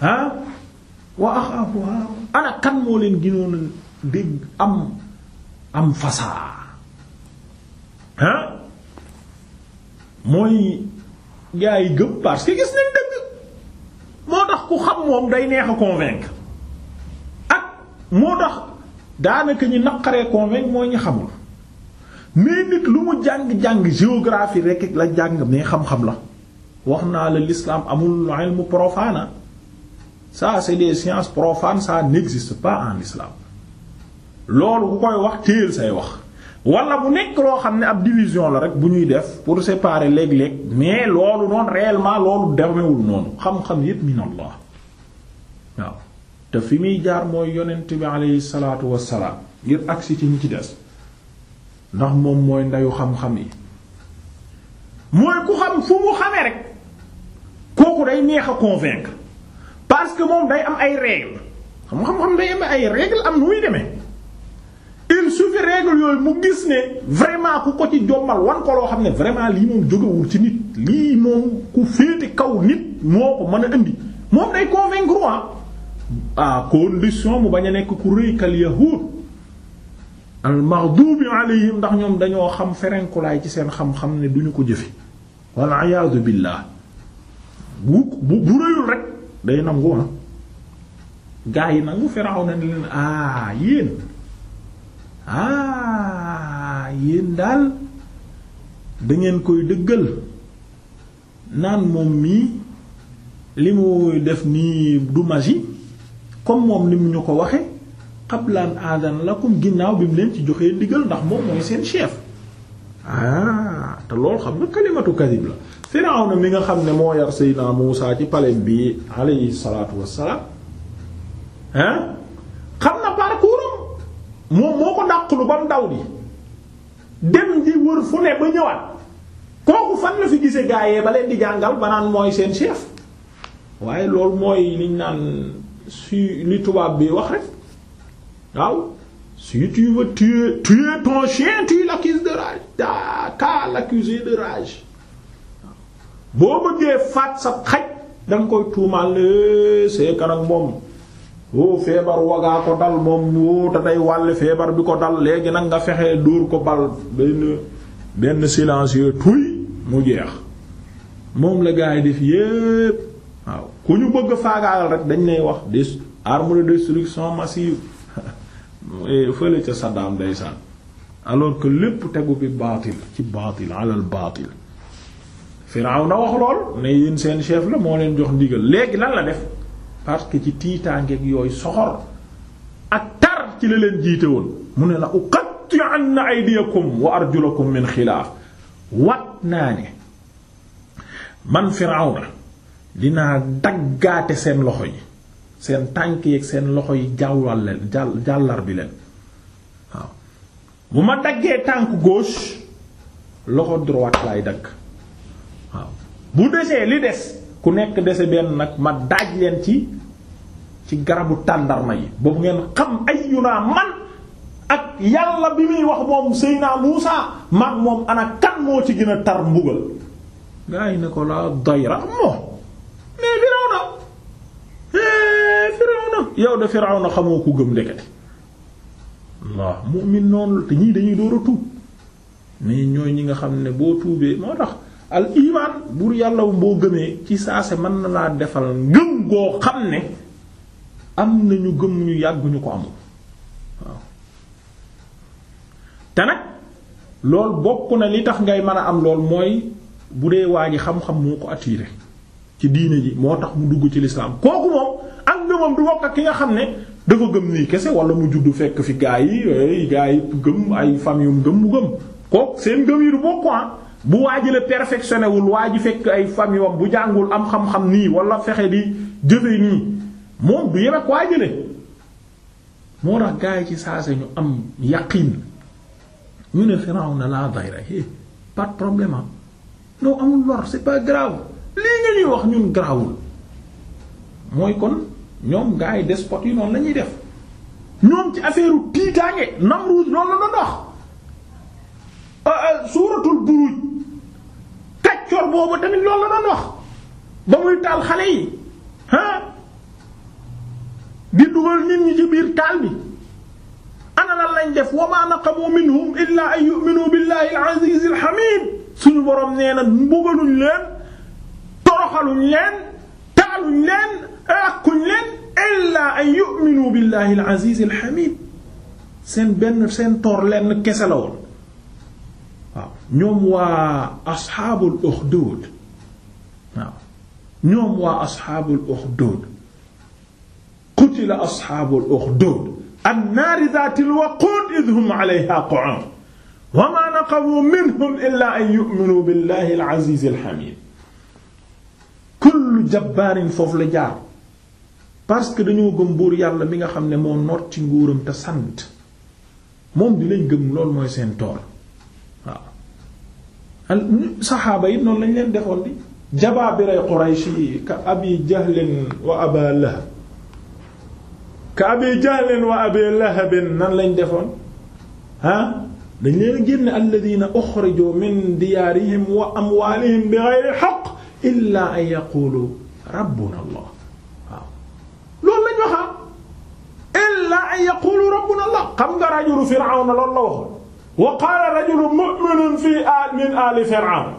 ah wa axaafu Haarun moo leen gënoon dégg am am fasaa ah mooy gaa yi gëm parce que gis nañ dëgg moo tax ku xam moom day neex a convaincre ak moo tax daanaka ñi naqaree convaincre mooy ñi xamul mais nit lu mu jàng-jàng géographie rek la jàng mais xam-xam la wax naa la l'islam amul ilmu profana ça c'est des sciences profanes ça n'existe pas en islam loolu ku koy wax téyel say wax wala bu nekk loo xam ne ab division la rek bu ñuy def pour séparer léeg-léeg mais loolu noonu réellement loolu demewul noonu xam-xam yépp min waaw te fi muy jaar mooy yonent bi aleyhi salaatu wassalaam ngir agsi ci ñu ci des ndax moom mooy ndayu xam-xam yi mooy ku xam fu mu xamee rek kooku day neex a convaincre parce que moom day am ay règle xam xam-xam day am ay règle am nu muy demee il suffit règle yooyu mu gis ne vraiment ku ko ci jommal wan ko loo xam ne vraiment lii moom jógewul ci nit lii moom ku féete kaw nit moo ko mën a indi moom day convaincre à condition mu bañ a nekk ku réykal yahud al maghdubi alayhim ndax ñoom dañoo xam ferenkulaay ci seen xam-xam ne duñu ko jëfe wal iyaadu billah bu bu bu rëyul rek day nangu ah gaa yi nangu Firawna ne leen ah yéen ah yéen daal dangeen koy dëggal naan moom mii li mu def nii du magie comme moom ni mu ñu ko waxe xablaan aadan lakum ginnaaw bi mu leen ci joxee diggal ndax moom mooy seen chef ah te loolu xam nga kalimatu kadib la na mi nga xam ne moo yar Seydina Muusaa ci palais bi alayhi salaatu wassalaam hein xam na parcours moom moo ko dàqlu ba mu daw di dem di wër fu ne ba ñëwaat kooku fan la fi gise gaayee ba leen di jàngal ba naan mooy seen chef waaye loolu mooy niñ naan su li tubaab bi wax rek waaw si tu veux tuer tuer ton chien tu l'accuses de rage ta ka l'accuser de rage boo bëggee faat sa xaj danga koy tuumaal eh, seekar ak moom woo oh, feebar wagaa ko dal moom woo oh, te day wàll feebar bi ko dal léegi nag nga fexee dóor ko bal benn benn silencieux tuy mu jeex moom la gaa yi def yépp waaw ku ñu bëgg faagaagal rek dañ lay wax des armes de destruction massive *laughs* eh, fële ca Saddam ndeysaan alors que lépp tegu bi baatil ci baatil alal baatil Firawna wax lool ne yéen seen chef la moo leen jox ndigal léegi lan la def parce que ci tiitaangeeg yooyu soxor ak tar ci la leen jiite woon mu ne la uqatti'anna aydiyakum wa arjulakum min xilaaf wat naa ne man Firawna dinaa daggaate seen loxo yi seen tànk yeeg seen loxo yi jàllal leen jàll jàllar bi leen waaw bu ma daggee tànk gauche loxo droite laay dagg bu desee li des ku nekk dese benn nag ma daaj leen ci ci garabu tàndarma yi boobu ngeen xam ayyuna man ak yàlla bi muy wax moom Seyna Muusa mag moom ana moo ci gën a tar mbugal gaa yi ne ko la dayra moo mais Firawna eh, Firawna yow de Firawna xamoo ku gëm ndekete waaw mu'min noonu te ñii dañuy door a ñooy ñi nga xam ne boo tuubee moo tax al iman buur yàlla boo gëmee ci saase mën na laa defal ngëm goo xam ne am na ñu gëm ñu yàgg ñu ko amul waaw te nag lool bokk na li tax ngay mën a am lool mooy bu dee waa ji xam-xam moo ko attiré ci diine ji moo tax mu dugg ci lislaam kooku moom ak ngëmam du bokk ak ki nga xam ne dafa gëm nii kese wala mu juddu fekk fi gaa yi eh, gaa yi gëm ay famille gëm mu gëm kooku seen gëm yi du ah. bu waajale perfectionné wul waa ji fekk ay famille bu jàngul am xam-xam nii walla fexe di jëfe nii moom du yem ak waajale moo tax gars yi ci saa ñu am yaqin ñu ne Firawna laa dayra eh, pas de problème ah non amul lor c'est pas grave lii nga ñuy wax ñun garaawul mooy kon ñoom gaa yi despot yi noonu lañuy def ñoom ci affaire tiitaange Namruud loolu la doon ah, ah, suuratul Buruuj kàccoor boobu tamit loolu la doon ba muy taal xale yi ah di dugal nit ñi ci biir taal bi ana lan lañ def wa ma naqamu minhum illaa an yu'minu billahi al-aziz al-hamid suñu borom nee na mbugaluñ leen toroxaluñ leen taaluñ leen akkuñ leen illaa an yu'minu billahi al-aziz al-hamid seen benn seen toor leen kese la waaw ñoom waa asxaabul uxdud waaw ñoom waa asxaabul uxdud qutila asxaabul uxdud annaari waquud id hum alayhaa qu'uud wa maa naqamuu minhum illaa an yu'minuu billaahil aziizil hamiid kullu jabbaarin foofu la jaar parce que dañoo gëm buur yàlla mi nga xam ne moo noot ci nguuram te sant moom di lañ gëm loolu mooy seen tool saxaaba yi noonu lañ leen defoon di jabaabiray Quraysh yi ka abi jahlin wa aba lahab ka abi jahlin wa abi lahabin nan lañ defoon ah dañ leen génne alladina uxrijoo min diyaarihim wa amwaalihim bi geyri xaq illa an yaqulu rabbuna allah waaw loolu lañ waxaa illa an yaqulu rabbuna allah xam nga rajulu firawna loolu la waxoon wa qaala rajulun mu'minun fii min aali fir'awn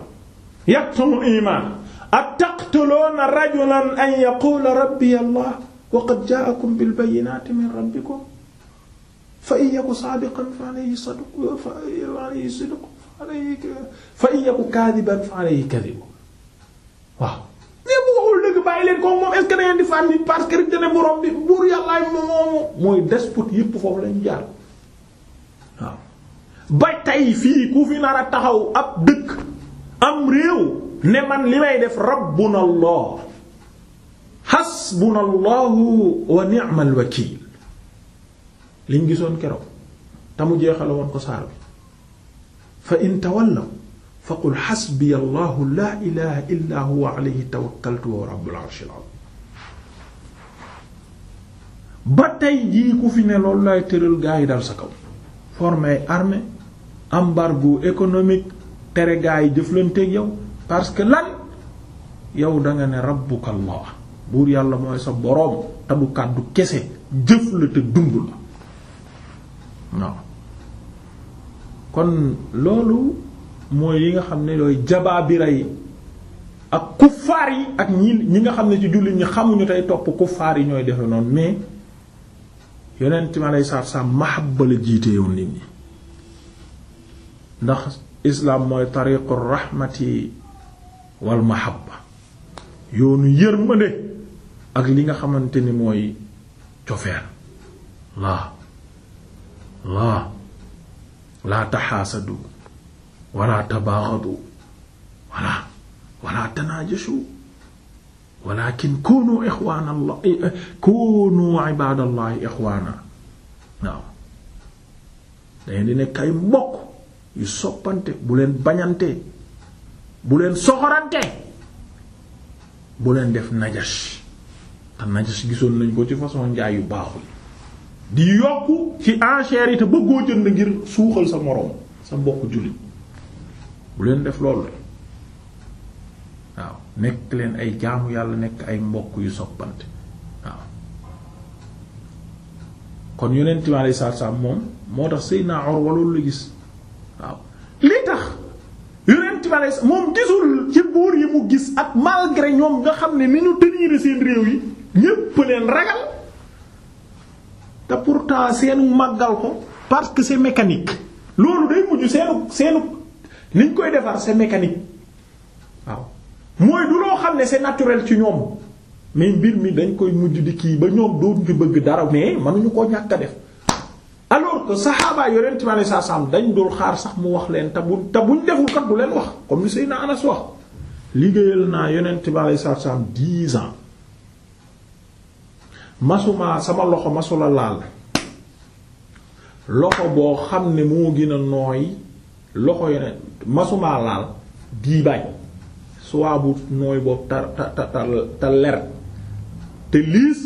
yaktumu iimaanahu ataqtuluuna rajulan an yaquula rabbiya Allah wa qad jaa'akum bil bayyinaati min rabbikum fa in yaku saadiqan fa alayhi sidqun fa alayhi sidqun fa alayhi fa in yaku kaadiban fa alayhi kaadibun waaw. mais bu waxul dëgg bàyyi leen ko moom est-ce que da ngeen di fàttali parce que rek dana borom bi buur yàllaay moom moomu mooy despot yëpp foofu lañ jaar. ba tey fii ku fi nar taxaw ab dëkk am réew ne man li may def rabbuna allah hasbuna allahu wa ni'mal wakiil liñ gisoon keroog te mu jeexale woon ko saar bi fa in faqul hasbiya allahu laa ilaha illa huwa alayhi tawakkaltu wa rabbul arshil azim ba tey jii ku fi ne loolu laay tëral gaa yi dal sa kaw former bu économique tere gaa yi jëflanteeg yow parce que lan yow danga ne rabbuka allah buur yàlla mooy sa boroom te du kese jëf la te dund la waaw kon loolu mooy yi nga xam ne looy bi rey ak kuffaar yi ak ñi ñi nga xam ne ci jullit ñi xamuñu tey topp kuffaar yi ñooy defe noonu mais yonent mi aleyhi salaatu salaam mahabba la jiite yoon nit ñi ndax islaam mooy tariqu rahmati wal mahabba yoonu yërmande ak li nga xamante ni mooy cofeel laa laa laa taxaasadu wala tabaaxadu wala wala tanaajashu walakin kunu ixwaana allah eh, eh, kunu ibaadallahi ixwaana waaw day di nekk ay mbokk yu soppante bu leen bañante bu leen soxorante bu leen def najas te najas gisoon nañ ko ci façon njaay yu baaxul di yokk ci enchère yi te bëggoo jënd ngir suuxal sa moroom sa mbokk jullit bu leen def loolu waaw nekk leen ay jaamu yàlla nekk ay mbokk yu soppante waaw kon yonent mi alayhi saa moom moo tax Seydina Urwa loolu la gis li tax yonent bi aleyhi moom gisul ci buur yi mu gis ak malgré ñoom nga xam ne ni ñu tenir seen réew yi ñépp leen ragal te pourtant seenu màggal ko parce que c'est mécanique loolu day mujj seenu seenu niñ koy defar c'est mécanique waaw mooy du loo xam ne c'est naturel ci ñoom mais mbir mi dañ koy mujj di kii ba ñoom dootuñu bëgg dara mais mënuñu ko ñàkk a def alors que saxaaba yonent bi alayhi salaam dañ dul xaar sax mu wax leen te bu te buñ deful kat du leen wax comme li Seydina Anas wax liggéeyal naa yonent bi alayhi salaam dix ans masuma sama loxo masula laal loxo boo xam ne moo gën a nooy loxo yonent masuma laal diibaaj soit bu nooy boobu ta ta ta ta te liis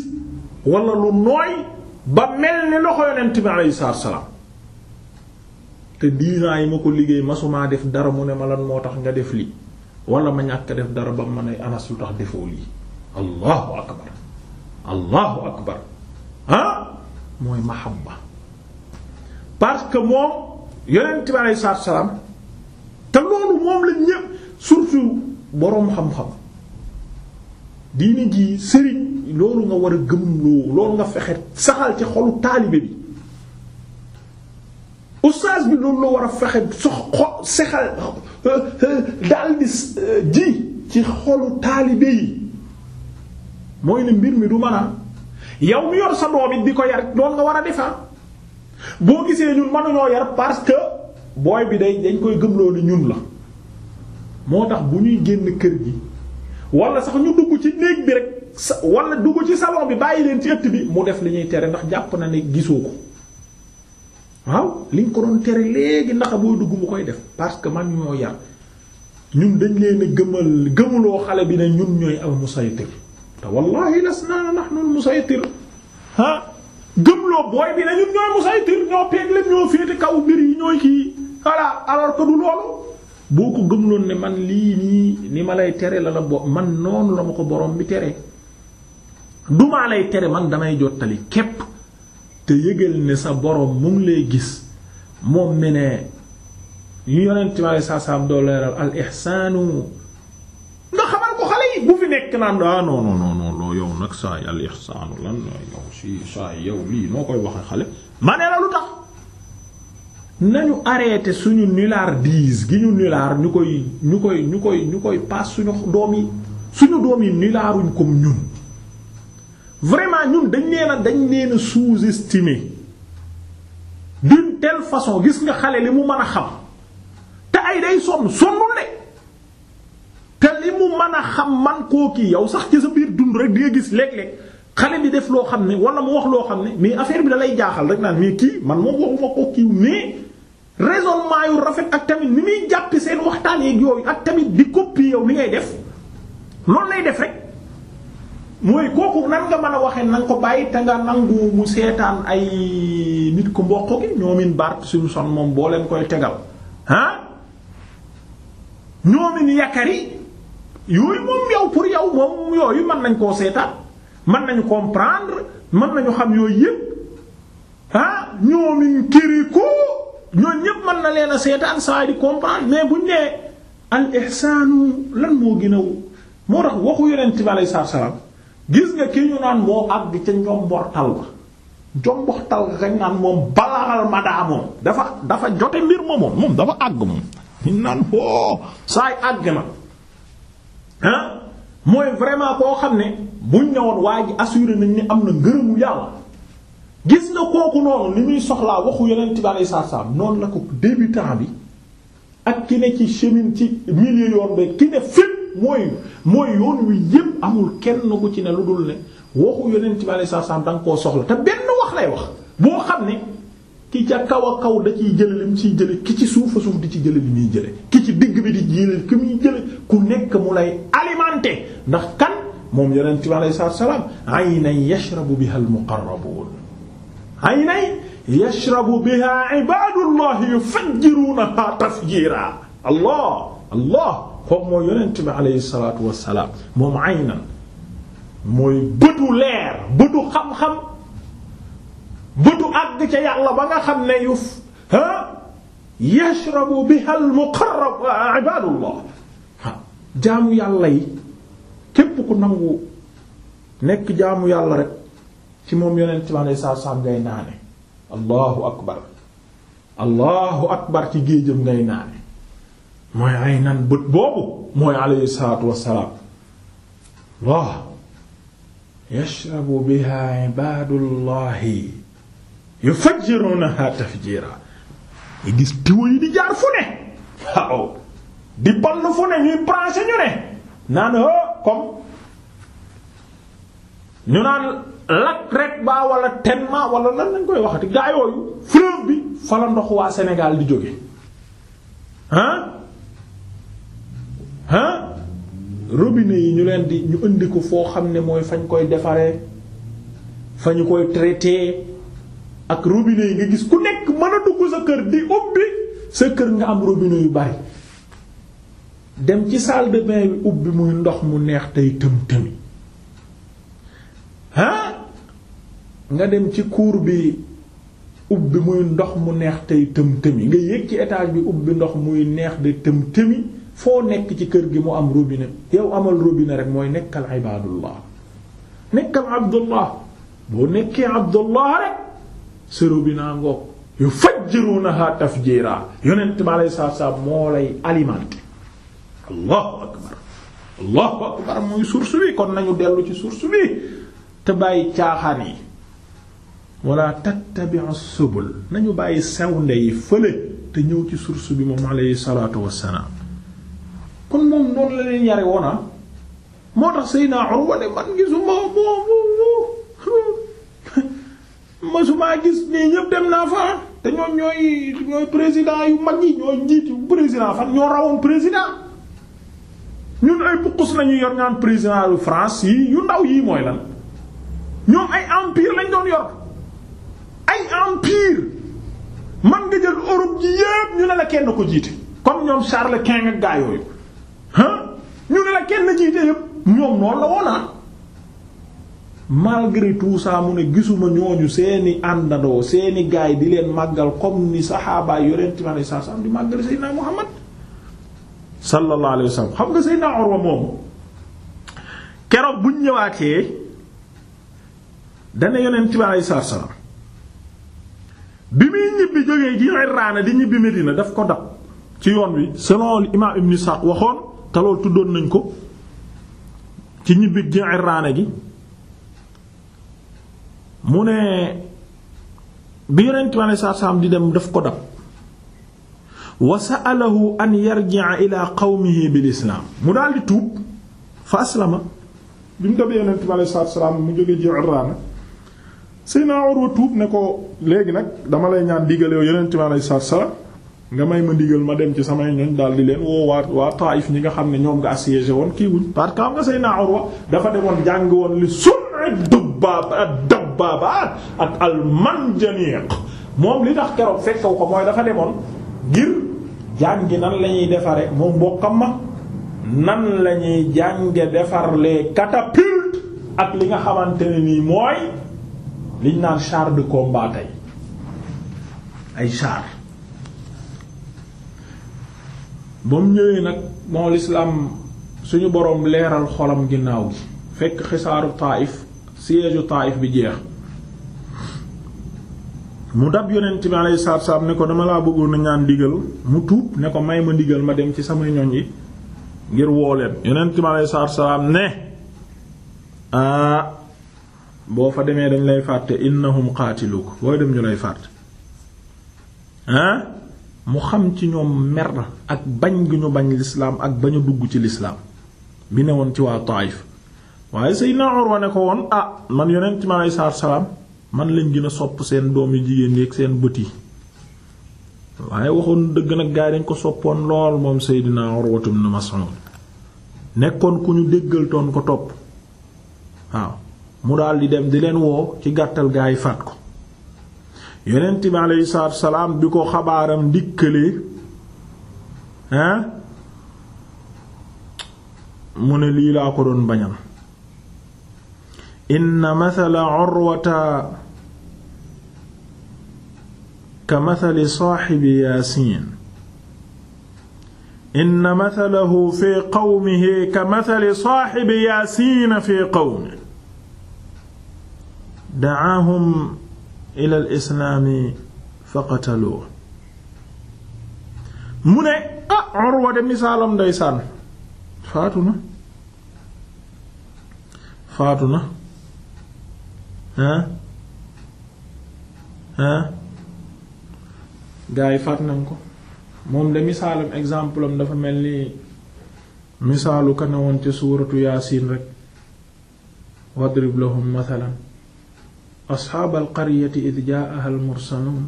wala lu nooy ba mel ni loxo yonent bi alayhi salaatu salaam te dix yi ma ko liggéey masumaa def dara mu ne ma lan moo tax nga def lii wala ma ñàkk def dara ba ma ne anas lu tax defoo lii allahu akbar allahu akbar ah mooy mahabba parce que moom yonent bi alayhi salaatu salaam te loolu moom la ñépp surtout boroom xam-xam diine jii sëriñ loolu nga war a gëmloo loolu nga fexe saxal ci xolu taalibe bi ustaas bi loolu la war a fexe sox xo sexal euh, euh, daldi euh, ji ci xolu taalibe yi mooy ne mbir mi du mën a yow mi yor sa doom it di ko yar loolu nga war a defar ah. boo gisee ñun mënuñoo yar parce que booy bi day dañ koy gëmloo ne ñun la moo tax bu ñuy génn kër gi wala sax ñu dugg ci néeg bi rek sa wala dugg ci salon bi bàyyi leen ci ëtt bi mu def li ñuy tere ndax jàpp na ne gisoo ko waaw liñ ko doon tere léegi naka boo dugg mu koy def parce que man ñoo yar ñun dañ leen a gëmal gëmuloo xale bi ne ñun ñooy al musaytir te wallahi lasna nahnu al musaytir ah gëmloo booy bi ne ñun ñooy musaytir ñoo peeg leen ñoo féete kaw mbir yi ñooy kii voilà alors que du loolu. boo ko gëmloon ne man lii nii ni ma lay tere la la bo man noonu la ma ko borom bi tere dumaa lay tere man damay jottali képp te yëgal ne sa boroom mu ngi lay gis moom mi ne yu yonent mi alei saa salaam doo al ihsaanu nga xamal ko xale yi bu fi nekk naan ah non non non loo yow nag saa yi al ihsaanu lan yow si saa yow lii noo koy waxe xale ma ne nañu arrêté suñu nulardise gi ñu nulaar ñu koy ñu koy ñu koy ñu koy paas suñu doom yi suñu doom yi nulaaruñ comme ñun vraiment ñun dañ leen a dañ leen a sous-estimer d'une telle façon gis nga xale li mu mën a xam te ay day sonn sonnul ne te li mu mën a xam man koo kii yow sax ci sa biir dund rek di nga gis léeg-léeg xale bi def loo xam ne wala mu wax loo xam ne mais affaire bi da lay jaaxal rek naan mais kii man moom waxuma ko kii mais raisonnement yu rafet ak tamit ni muy jàppe seen waxtaan yeeg yooyu ak tamit di copier yow li ngay def loolu lay def rek mooy kooku nan nga mën a waxee na ko bàyyi te nga nangu mu seetaan ay nit ku mboq gi ñoomin Bart son moom boo leen koy tegal ah ñoomin Yakari yooyu moom yow pour yow moom yooyu mën nañ koo seetaan mën nañu comprendre mën nañu xam yooyu yëpp ah ñoomin ko ñooñu ñépp mën na leen a seetaan saa di comprendre mais buñ nee al lan moo gën a moo tax waxu yonent bi alayhi salaam gis nga ki ñu naan moo àgg ca njomboxtal ba njomboxtal ga kañ naan dafa dafa jote mbir ma dafa àgg naan woo saay àgg na ah mooy vraiment koo xam ne buñ ñëwoon waa ji assuré nañ ni am na ngërëmu yàlla gis na kooku noonu ni muy soxlaa waxu yonent bi alayhi salaam noonu la ko débutant bi ak ki ne ci chemin ci milieu yoon ba ki ne fépp mooy mooy yoon wi yépp amul kenn ku ci ne lu dul ne waxu yonent bi alayhi salaam da koo soxla te benn wax lay wax boo xam ne ki ca kaw a kaw da ciy jële lim ciy jële ki ci suuf suuf di ci jële li muy jële ki ci digg bi di jële ki muy jële ku nekk mu lay alimenter ndax kan moom yonent bi alayhi salaam aynan yashrabu biha al-muqarrabun aynay yashrabu biha ibadullahi yufajjirunaha tafjira allah allah kooku mooy yonent bi aleyhi salatu wasalaam moom aynan mooy bëtu leer bëtu xam-xam bëtu àgg ca yàlla ba nga xam ne yuf ha yashrabu biha al-muqarrab ibadullah jaamu yàlla yi képp ku nangu nekk jaamu yàlla rek ci moom yonent ma lay saa saam ngay naane allahu akbar allahu akbar ci géejam ngay naane mooy ay nan bët boobu mooy alayhi salaatu wassalaam allah yashrabu biha ibaadullahi yufajjirunaha tafjiira yi gis tiwa yi di jaar fu ne waaw di ball fu ne ñuy branché ñu ne naan oh, comme ñu naan lak rek baa wala tenma wala lan lañ koy waxati gaa yooyu fleuve bi fa la ndox waa Sénégal di jóge ah ah robinet yi ñu leen di ñu indi ko foo xam ne mooy fañ koy defaree fa ñu koy traité ak robine yi nga gis ku nekk mën a dugg sa kër di ubbi sa kër nga am robine yu bari dem ci salle de bain bi ubbi muy ndox mu neex tey tëm tëmi ah nga dem ci cour bi ubbi muy ndox mu neex tey tëm tëmi nga yéeg ci étage bi ubbi ndox muy neex de tëm tëmi foo nekk ci kër gi mu am robine yow amal robine rek mooy nekkal ibaadullah nekkal abdullah boo nekkee abdullah rek sa robinet ngoog yu fajjirunaha tafjiraa yonent bi aleyhi salaatu salaam moo lay alimenter allahu akbar allahu akbar muy source bi kon nañu dellu ci source bi te bàyyi caaxaan yi wala tattabi'u subul nañu bàyyi sewnde yi fële te ñëw ci source bi moom alayhi salaatu wassalaam kon moom noonu la leen yare woona ah. moo tax Seydina Urwa ne man gisuma moom masumaa *laughs* gis nii ñëpp dem naa fa ah. te ñoom ñooy président yu mag yi ñooy njiit yu président fan ñoo rawoon président ñun ay pukus nañu yor ñaan président yu France yi yu ndaw yii mooy lan ñoom ay empire lañ doon yor ay empire man nga jël Europe ji yépp ñu ne la kenn ko jiite comme ñoom Charles Quint ak gaa yooyu ñu ne la kenn jiite yépp ñoom noonu la woon ah. malgré tout mu ne gisuma ñooñu seeni àndandoo seeni gaay di leen màggal comme ni saxaabaay yonent mi alayhi salaam di màggal Seydina Muhammad sallallahu alayhi wa sallam xam nga Seydina Urwa moomu keroog buñ ñëwaatee dana yonent mi alayhi salaam bi muy ñibbi jógee ci Irana di ñibbi Medina daf ko dab ci yoon wi selon imaam Ibn Ishaq waxoon te tuddoon nañ ko ci ñibbi ji Irana gi mu ne bi yonent mi alayhi di dem daf ko dab wa sa'alahu an yarji'a ila qawmihi bil islaam mu daal di tuub fa aslama bi mu dabee yonent mi alayhi salaam mu jógee ji Irana Seydina Urwa tuub ne ko léegi nag dama lay ñaan digal yow yonent mi alayhi salaatu nga may ma digal ma dem ci samay ñoñ daal di leen woo waa waa Taayif ñi nga xam ne ñoom nga assiégé woon kii wuñ parce que xam nga Seydina Urwa dafa demoon jàng woon li sunna dubbaab dabbaabaat ak al-manjaniq moom li tax keroog fekkaw ko mooy dafa demoon ngir jàngi nan la ñuy defaree moom mbokkam ma nan la ñuy jànge defar les catapultes ak li nga xamante ne nii mooy. liñ naan char de combat tey ay char ba mu ñëwee nag moo lislaam suñu boroom leeral xolam ginnaaw gi fekk xisaaru Taif siège Taif bi jeex mu dab yonent bi alayhi salaatu salaam ne ko dama laa bëggoon a ñaan diggal mu tuub ne ko may ma diggal ma dem ci samay ñoñ yi ngir woo yeneen yonent bi alayhi salaatu ne ah, boo fa demee dañ lay fàtte innahum qaatiluuk booy dem ñu lay fàtte ah mu xam ci ñoom mer ak bañ gi ñu bañ lislaam ak bañ dugg ci lislaam bi ne woon ci waa Taayif waaye Seydina Urwa ne ko woon a ah, man yonent mi aleyhi salaatu salaam man lañ gën a sopp seen doom yi jigéen yi ak seen bët yi waaye waxoon dëgg nag gaa yi dañ ko soppoon lool moom Seydina Urwatu ibn Mas'ud nekkoon ku ñu déggal ko topp waaw mu daldi di dem di leen woo ci gàttal gaay yi faat ko yonent bi aleyhi salaam bi ko xabaaram dikkalee hein mu ne lii laa ko doon bañal inna mathala urwata ka mathali saaxibi yaasiin inna mathalahu fi qawmihi ka mathali saaxibi yaasiin fi qawmihi dacaahum ila al islaami fa mu ne ah Urwa de misaalam ndeysaan faatu na faatu na ah ah gaa yi faat nañ ko moom de misaalam exemplem dafa mel ni misaalu ka ne woon ci suuratu yaasiin rek wadrib lahum mathalan asxaabal qaryati id jaa'aha almursaluun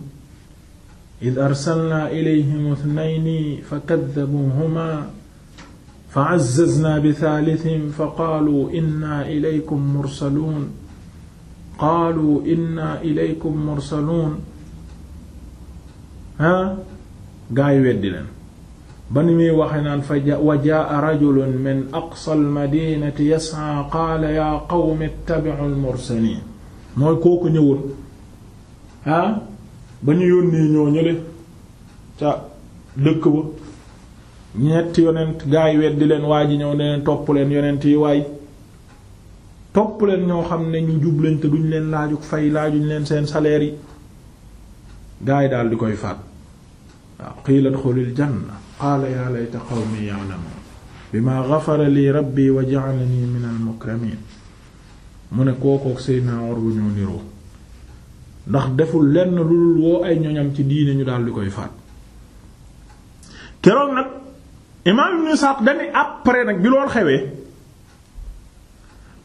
id arsalnaa ilayhim ithnayni fa kaddabuuhumaa fa azzaznaa bithaalithin fa qaaluu innaa ilaykum mursaluun qaaluu innaa ilaykum mursaluun ah gaa yi weddi leen ba ni muy waxe naan fa wa jaa rajulun min aqsa almadinati yas'aa qaala yaa qawmi ittabi'u almursaliin mooy kooku ñëwoon ah ba ñu yónnee ñoo ñële ca dëkk ba ñetti yonent gaay weddi leen waa ji ñëw ne leen topp leen yonent yi waay topp leen ñoo xam ne ñu jub te duñ leen laajuk fay laajuñ leen seen saleer yi gaay daal di koy faat waaw qiila dxulil janna qaala yaa layta qawmi ya'lamuun bimaa ghafara lii rabbi wa ja'alanii minal mukramiin mu ne kookook Seydina Urwa ñoo niroo ndax deful lenn lu dul woo ay ñoñam ci diine ñu daal di koy faat keroog nag imaam Ibn Sa'd dañu après nag bi lool xewee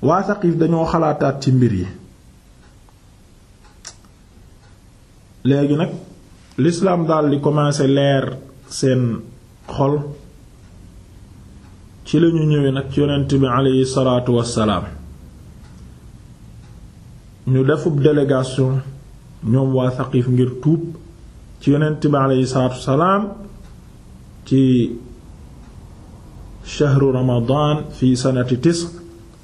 waa Saqiif dañoo xalaataat ci mbir yi léegi nag lislaam daal di leer seen xol ci lañu ñëwee nag ci yonent bi aleyhi salaatu wassalaam ñu defub délégation ñoom waa Saqif ngir tuub ci yonent bi aleyhi salaatu salaam ci shahru Ramadan fi sanati tisq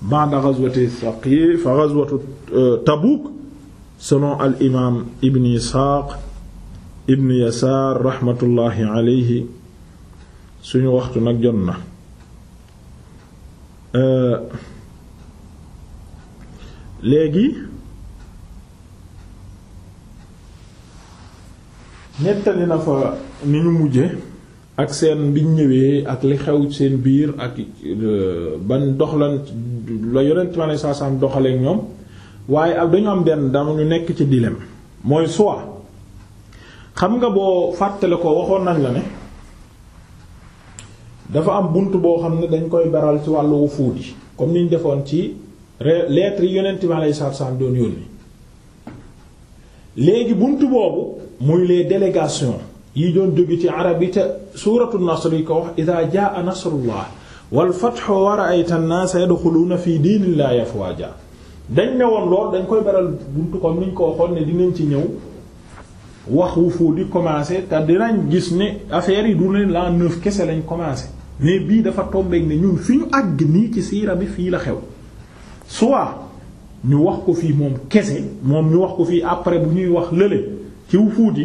ba'da ghazwati Saqif fa ghazwatu euh, Tabuk selon al imaam Ibn Isaaq Ibn Yasaar rahmatullahi aleyhi suñu waxtu nag jot na. Euh, léegi. nettali na fa ni ñu mujje ak seen biñ ñëwee ak li xew seen biir ak euh, ban doxlan la yonent ma ne saasaam doxaleek ñoom waaye ak dañu am benn dama ñu nekk ci dilem mooy soit xam nga boo fàttale ko waxoon nañ la ne dafa am bunt boo xam ne dañ koy baral ci wàllu wufuud yi comme ñu defoon ci lettre yi yonent ma ne saasaam doon yónni léegi buntu boobu muy les délégations yi doon jóge ci arab yi te suuratu nasr yi ko wax idaa jaa nasrullah wal fathu wa ra'ayta an-naasa yadxuluuna fi diinillaahi afwaaja dañ ne woon lool dañ koy beral buntu comme niñ ko waxoon ne dinañ ci ñëw wax wu foo di commencer te dinañ gis ne affaire yi du ne la neuf kese lañ commencer mais bii dafa tombeek ne ñun fi ñu àgg nii ci siira bi fii la xew soit ñu wax ko fii moom kese moom ñu wax ko fii après bu ñuy wax lële ci wu fuut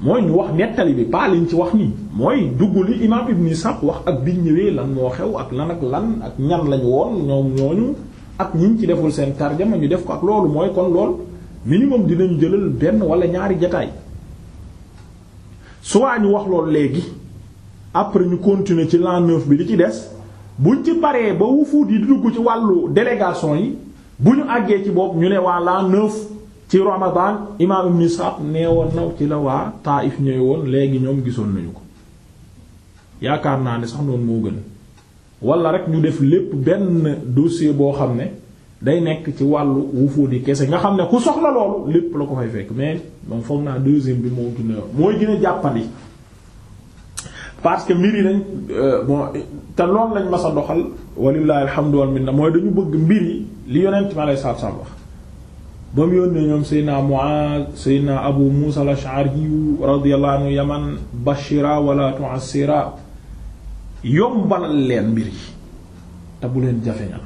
mooy ñu wax nettali bi pas liñ ci wax nii mooy dugg li imaam Ibn Ishaq wax ak biñ ñëwee lan moo xew ak lan ak lan ak ñan lañ woon ñoom ñooñu ak ñiñ ci deful seen tarjama ñu def ko ak loolu mooy kon lool minimum dinañu jëlal benn wala ñaari jataay soit ñu wax lool léegi après ñu continuer ci l'an bi li ci des. buñ ci baree ba wufuut yi di dugg ci wàllu délégation yi bu ñu àggee ci bopp ñu ne waa la neuf ci ramadan imaam ibn Sa'd nee woon na ci la waa Taif ñëw woon léegi ñoom gisoon nañu ko yaakaar naa ne sax noonu moo gën wala rek ñu def lépp benn dossier boo xam ne day nekk ci wàllu wufuut yi kese nga xam ne ku soxla loolu lépp la ko fay fekk mais moom foog naa deuxième bi moo gën a mooy gën a jàppandi parce que mbir yi nañ euh, te loolu lañ ma a doxal walillahi alhamdu wal minna mooy dañu bëgg mbir yi li yonent mi alayhi salaatu salaam wax ba mu yónnee ñoom Seydina Muaaz Seydina Abu Muusa al-Ash'ari radiyallahu anhu yaman bashira wala tu'assira yombalal leen mbir yi te bu leen jafeñal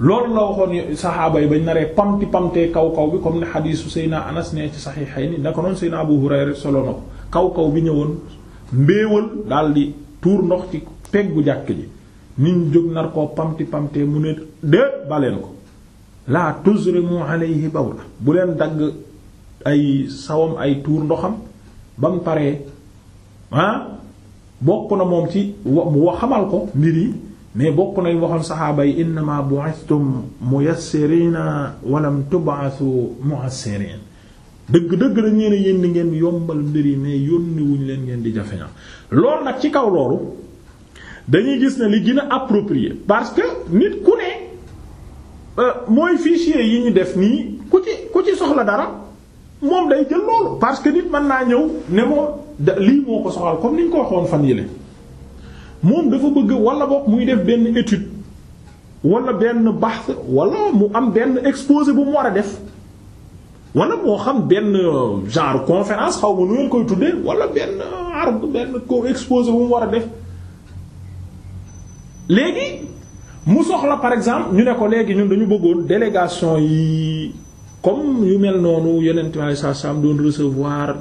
loolu la waxoon saxaaba yi bañ naree pamti pamtee kaw kaw bi comme ne xadiisu Seydina Anas ne ci saxiixayni naka noonu Seydina Abu Hurayra solo na ko kaw kaw bi ñëwoon mbéewal daldi tuur ndox ci peggu jàkk ji nit ñu jóg nar koo pamti pamti mu ne de baleen ko laa tuzrimu alayhi bawla bu leen dagg ay sawam ay tuur ndoxam ba pare paree ah, bokk na moom ci mu waxamal ko mbir yi mais bokk nañ waxoon saxaaba yi innama bu'ithtum muyassirina wa lam tub'athu mu'assirin dëgg-dëgg dañ leen a yéen di ngeen yombal mbir yi mais yónni wuñ leen ngeen di jafeñal loolu nag ci kaw loolu dañuy gis na li gën a approprié parce que nit ku ne euh, mooy fichier yi ñu def nii ku ci ku ci soxla dara moom day jël loolu parce que nit mën naa ñëw ne moo lii moo ko soxal comme ni ñu ko waxoon fan yile moom dafa bëgg walla boog muy def benn étude wala benn bahth walla mu am benn exposé bu mu war a def wala moo xam benn euh, genre conférence xaw ma nu ngeen koy tuddee wala benn euh, arbre benn ko exposé bu mu war a def léegi mu soxla par exemple ñu ne ko léegi ñun dañu bëggoon délégation yi comme yu mel noonu yeneen tamit saa saam doon recevoir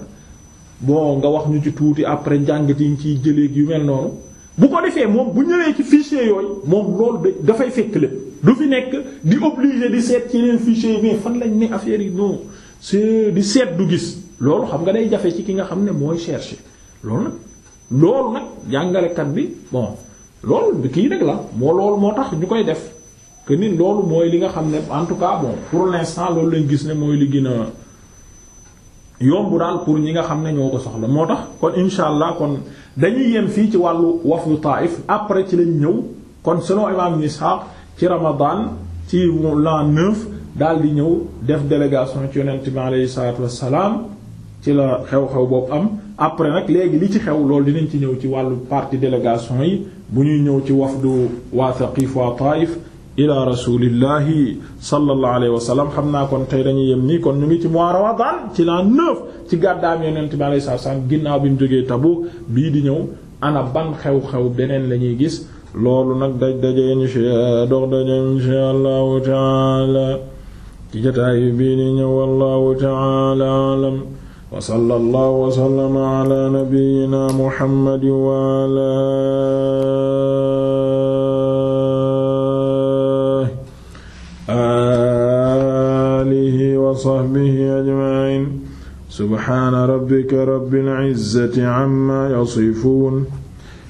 bon nga wax ñu ci tuuti après njàngat yi ñu ciy jëlee yu mel noonu bu ko defee moom bu ñëwee ci fichier yooyu moom loolu dafay fekk lépp du fi nekk di obligé di seet ci yeneen fichier yi mais fan lañ ne affaire yi non. si di seet du gis loolu xam nga day jafe ci ki nga xam ne mooy chercher loolu nag loolu nag jàngalekat bi bon loolu kii nag la moo loolu moo tax ñu koy def que nit loolu mooy li nga xam ne en tout cas bon pour l'instant loolu lañ gis ne mooy li gën a yomb daal pour ñi nga xam ne ñoo ko soxla moo tax kon insha allah kon dañuy yem fii ci wàllu wafdu Taif après ci lañ ñëw kon selon imam Ibn Ishaq ci Ramadan ci l'an neuf daal di ñëw def délégation ci yonent bi aleyhi salaatu wassalaam ci la xew-xew boobu am après nag léegi li ci xew loolu dinañ ci ñëw ci wàllu parti délégation yi bu ñuy ñëw ci wafdu waa Thaqif waa Taif ila rasulillahi sallallahu alayhi wa sallam xam naa kon tey dañuy yem nii kon ñu ngi ci mois Ramadan ci la neuf ci gàddaam yonent bi aleyhi salaatu wassalaam ginnaaw bi mu jógee tabu bii di ñëw ana ban xew-xew beneen la ñuy gis loolu nag daj daje insha dox daje ci jataay bii ni ñëw wallahu ta'ala a'lam wa sallallahu wa sallama ala nabiyyina muhammad wa ala alihi wa sahbihi ajma'in subhana rabbika rabbil izzati amma yasifun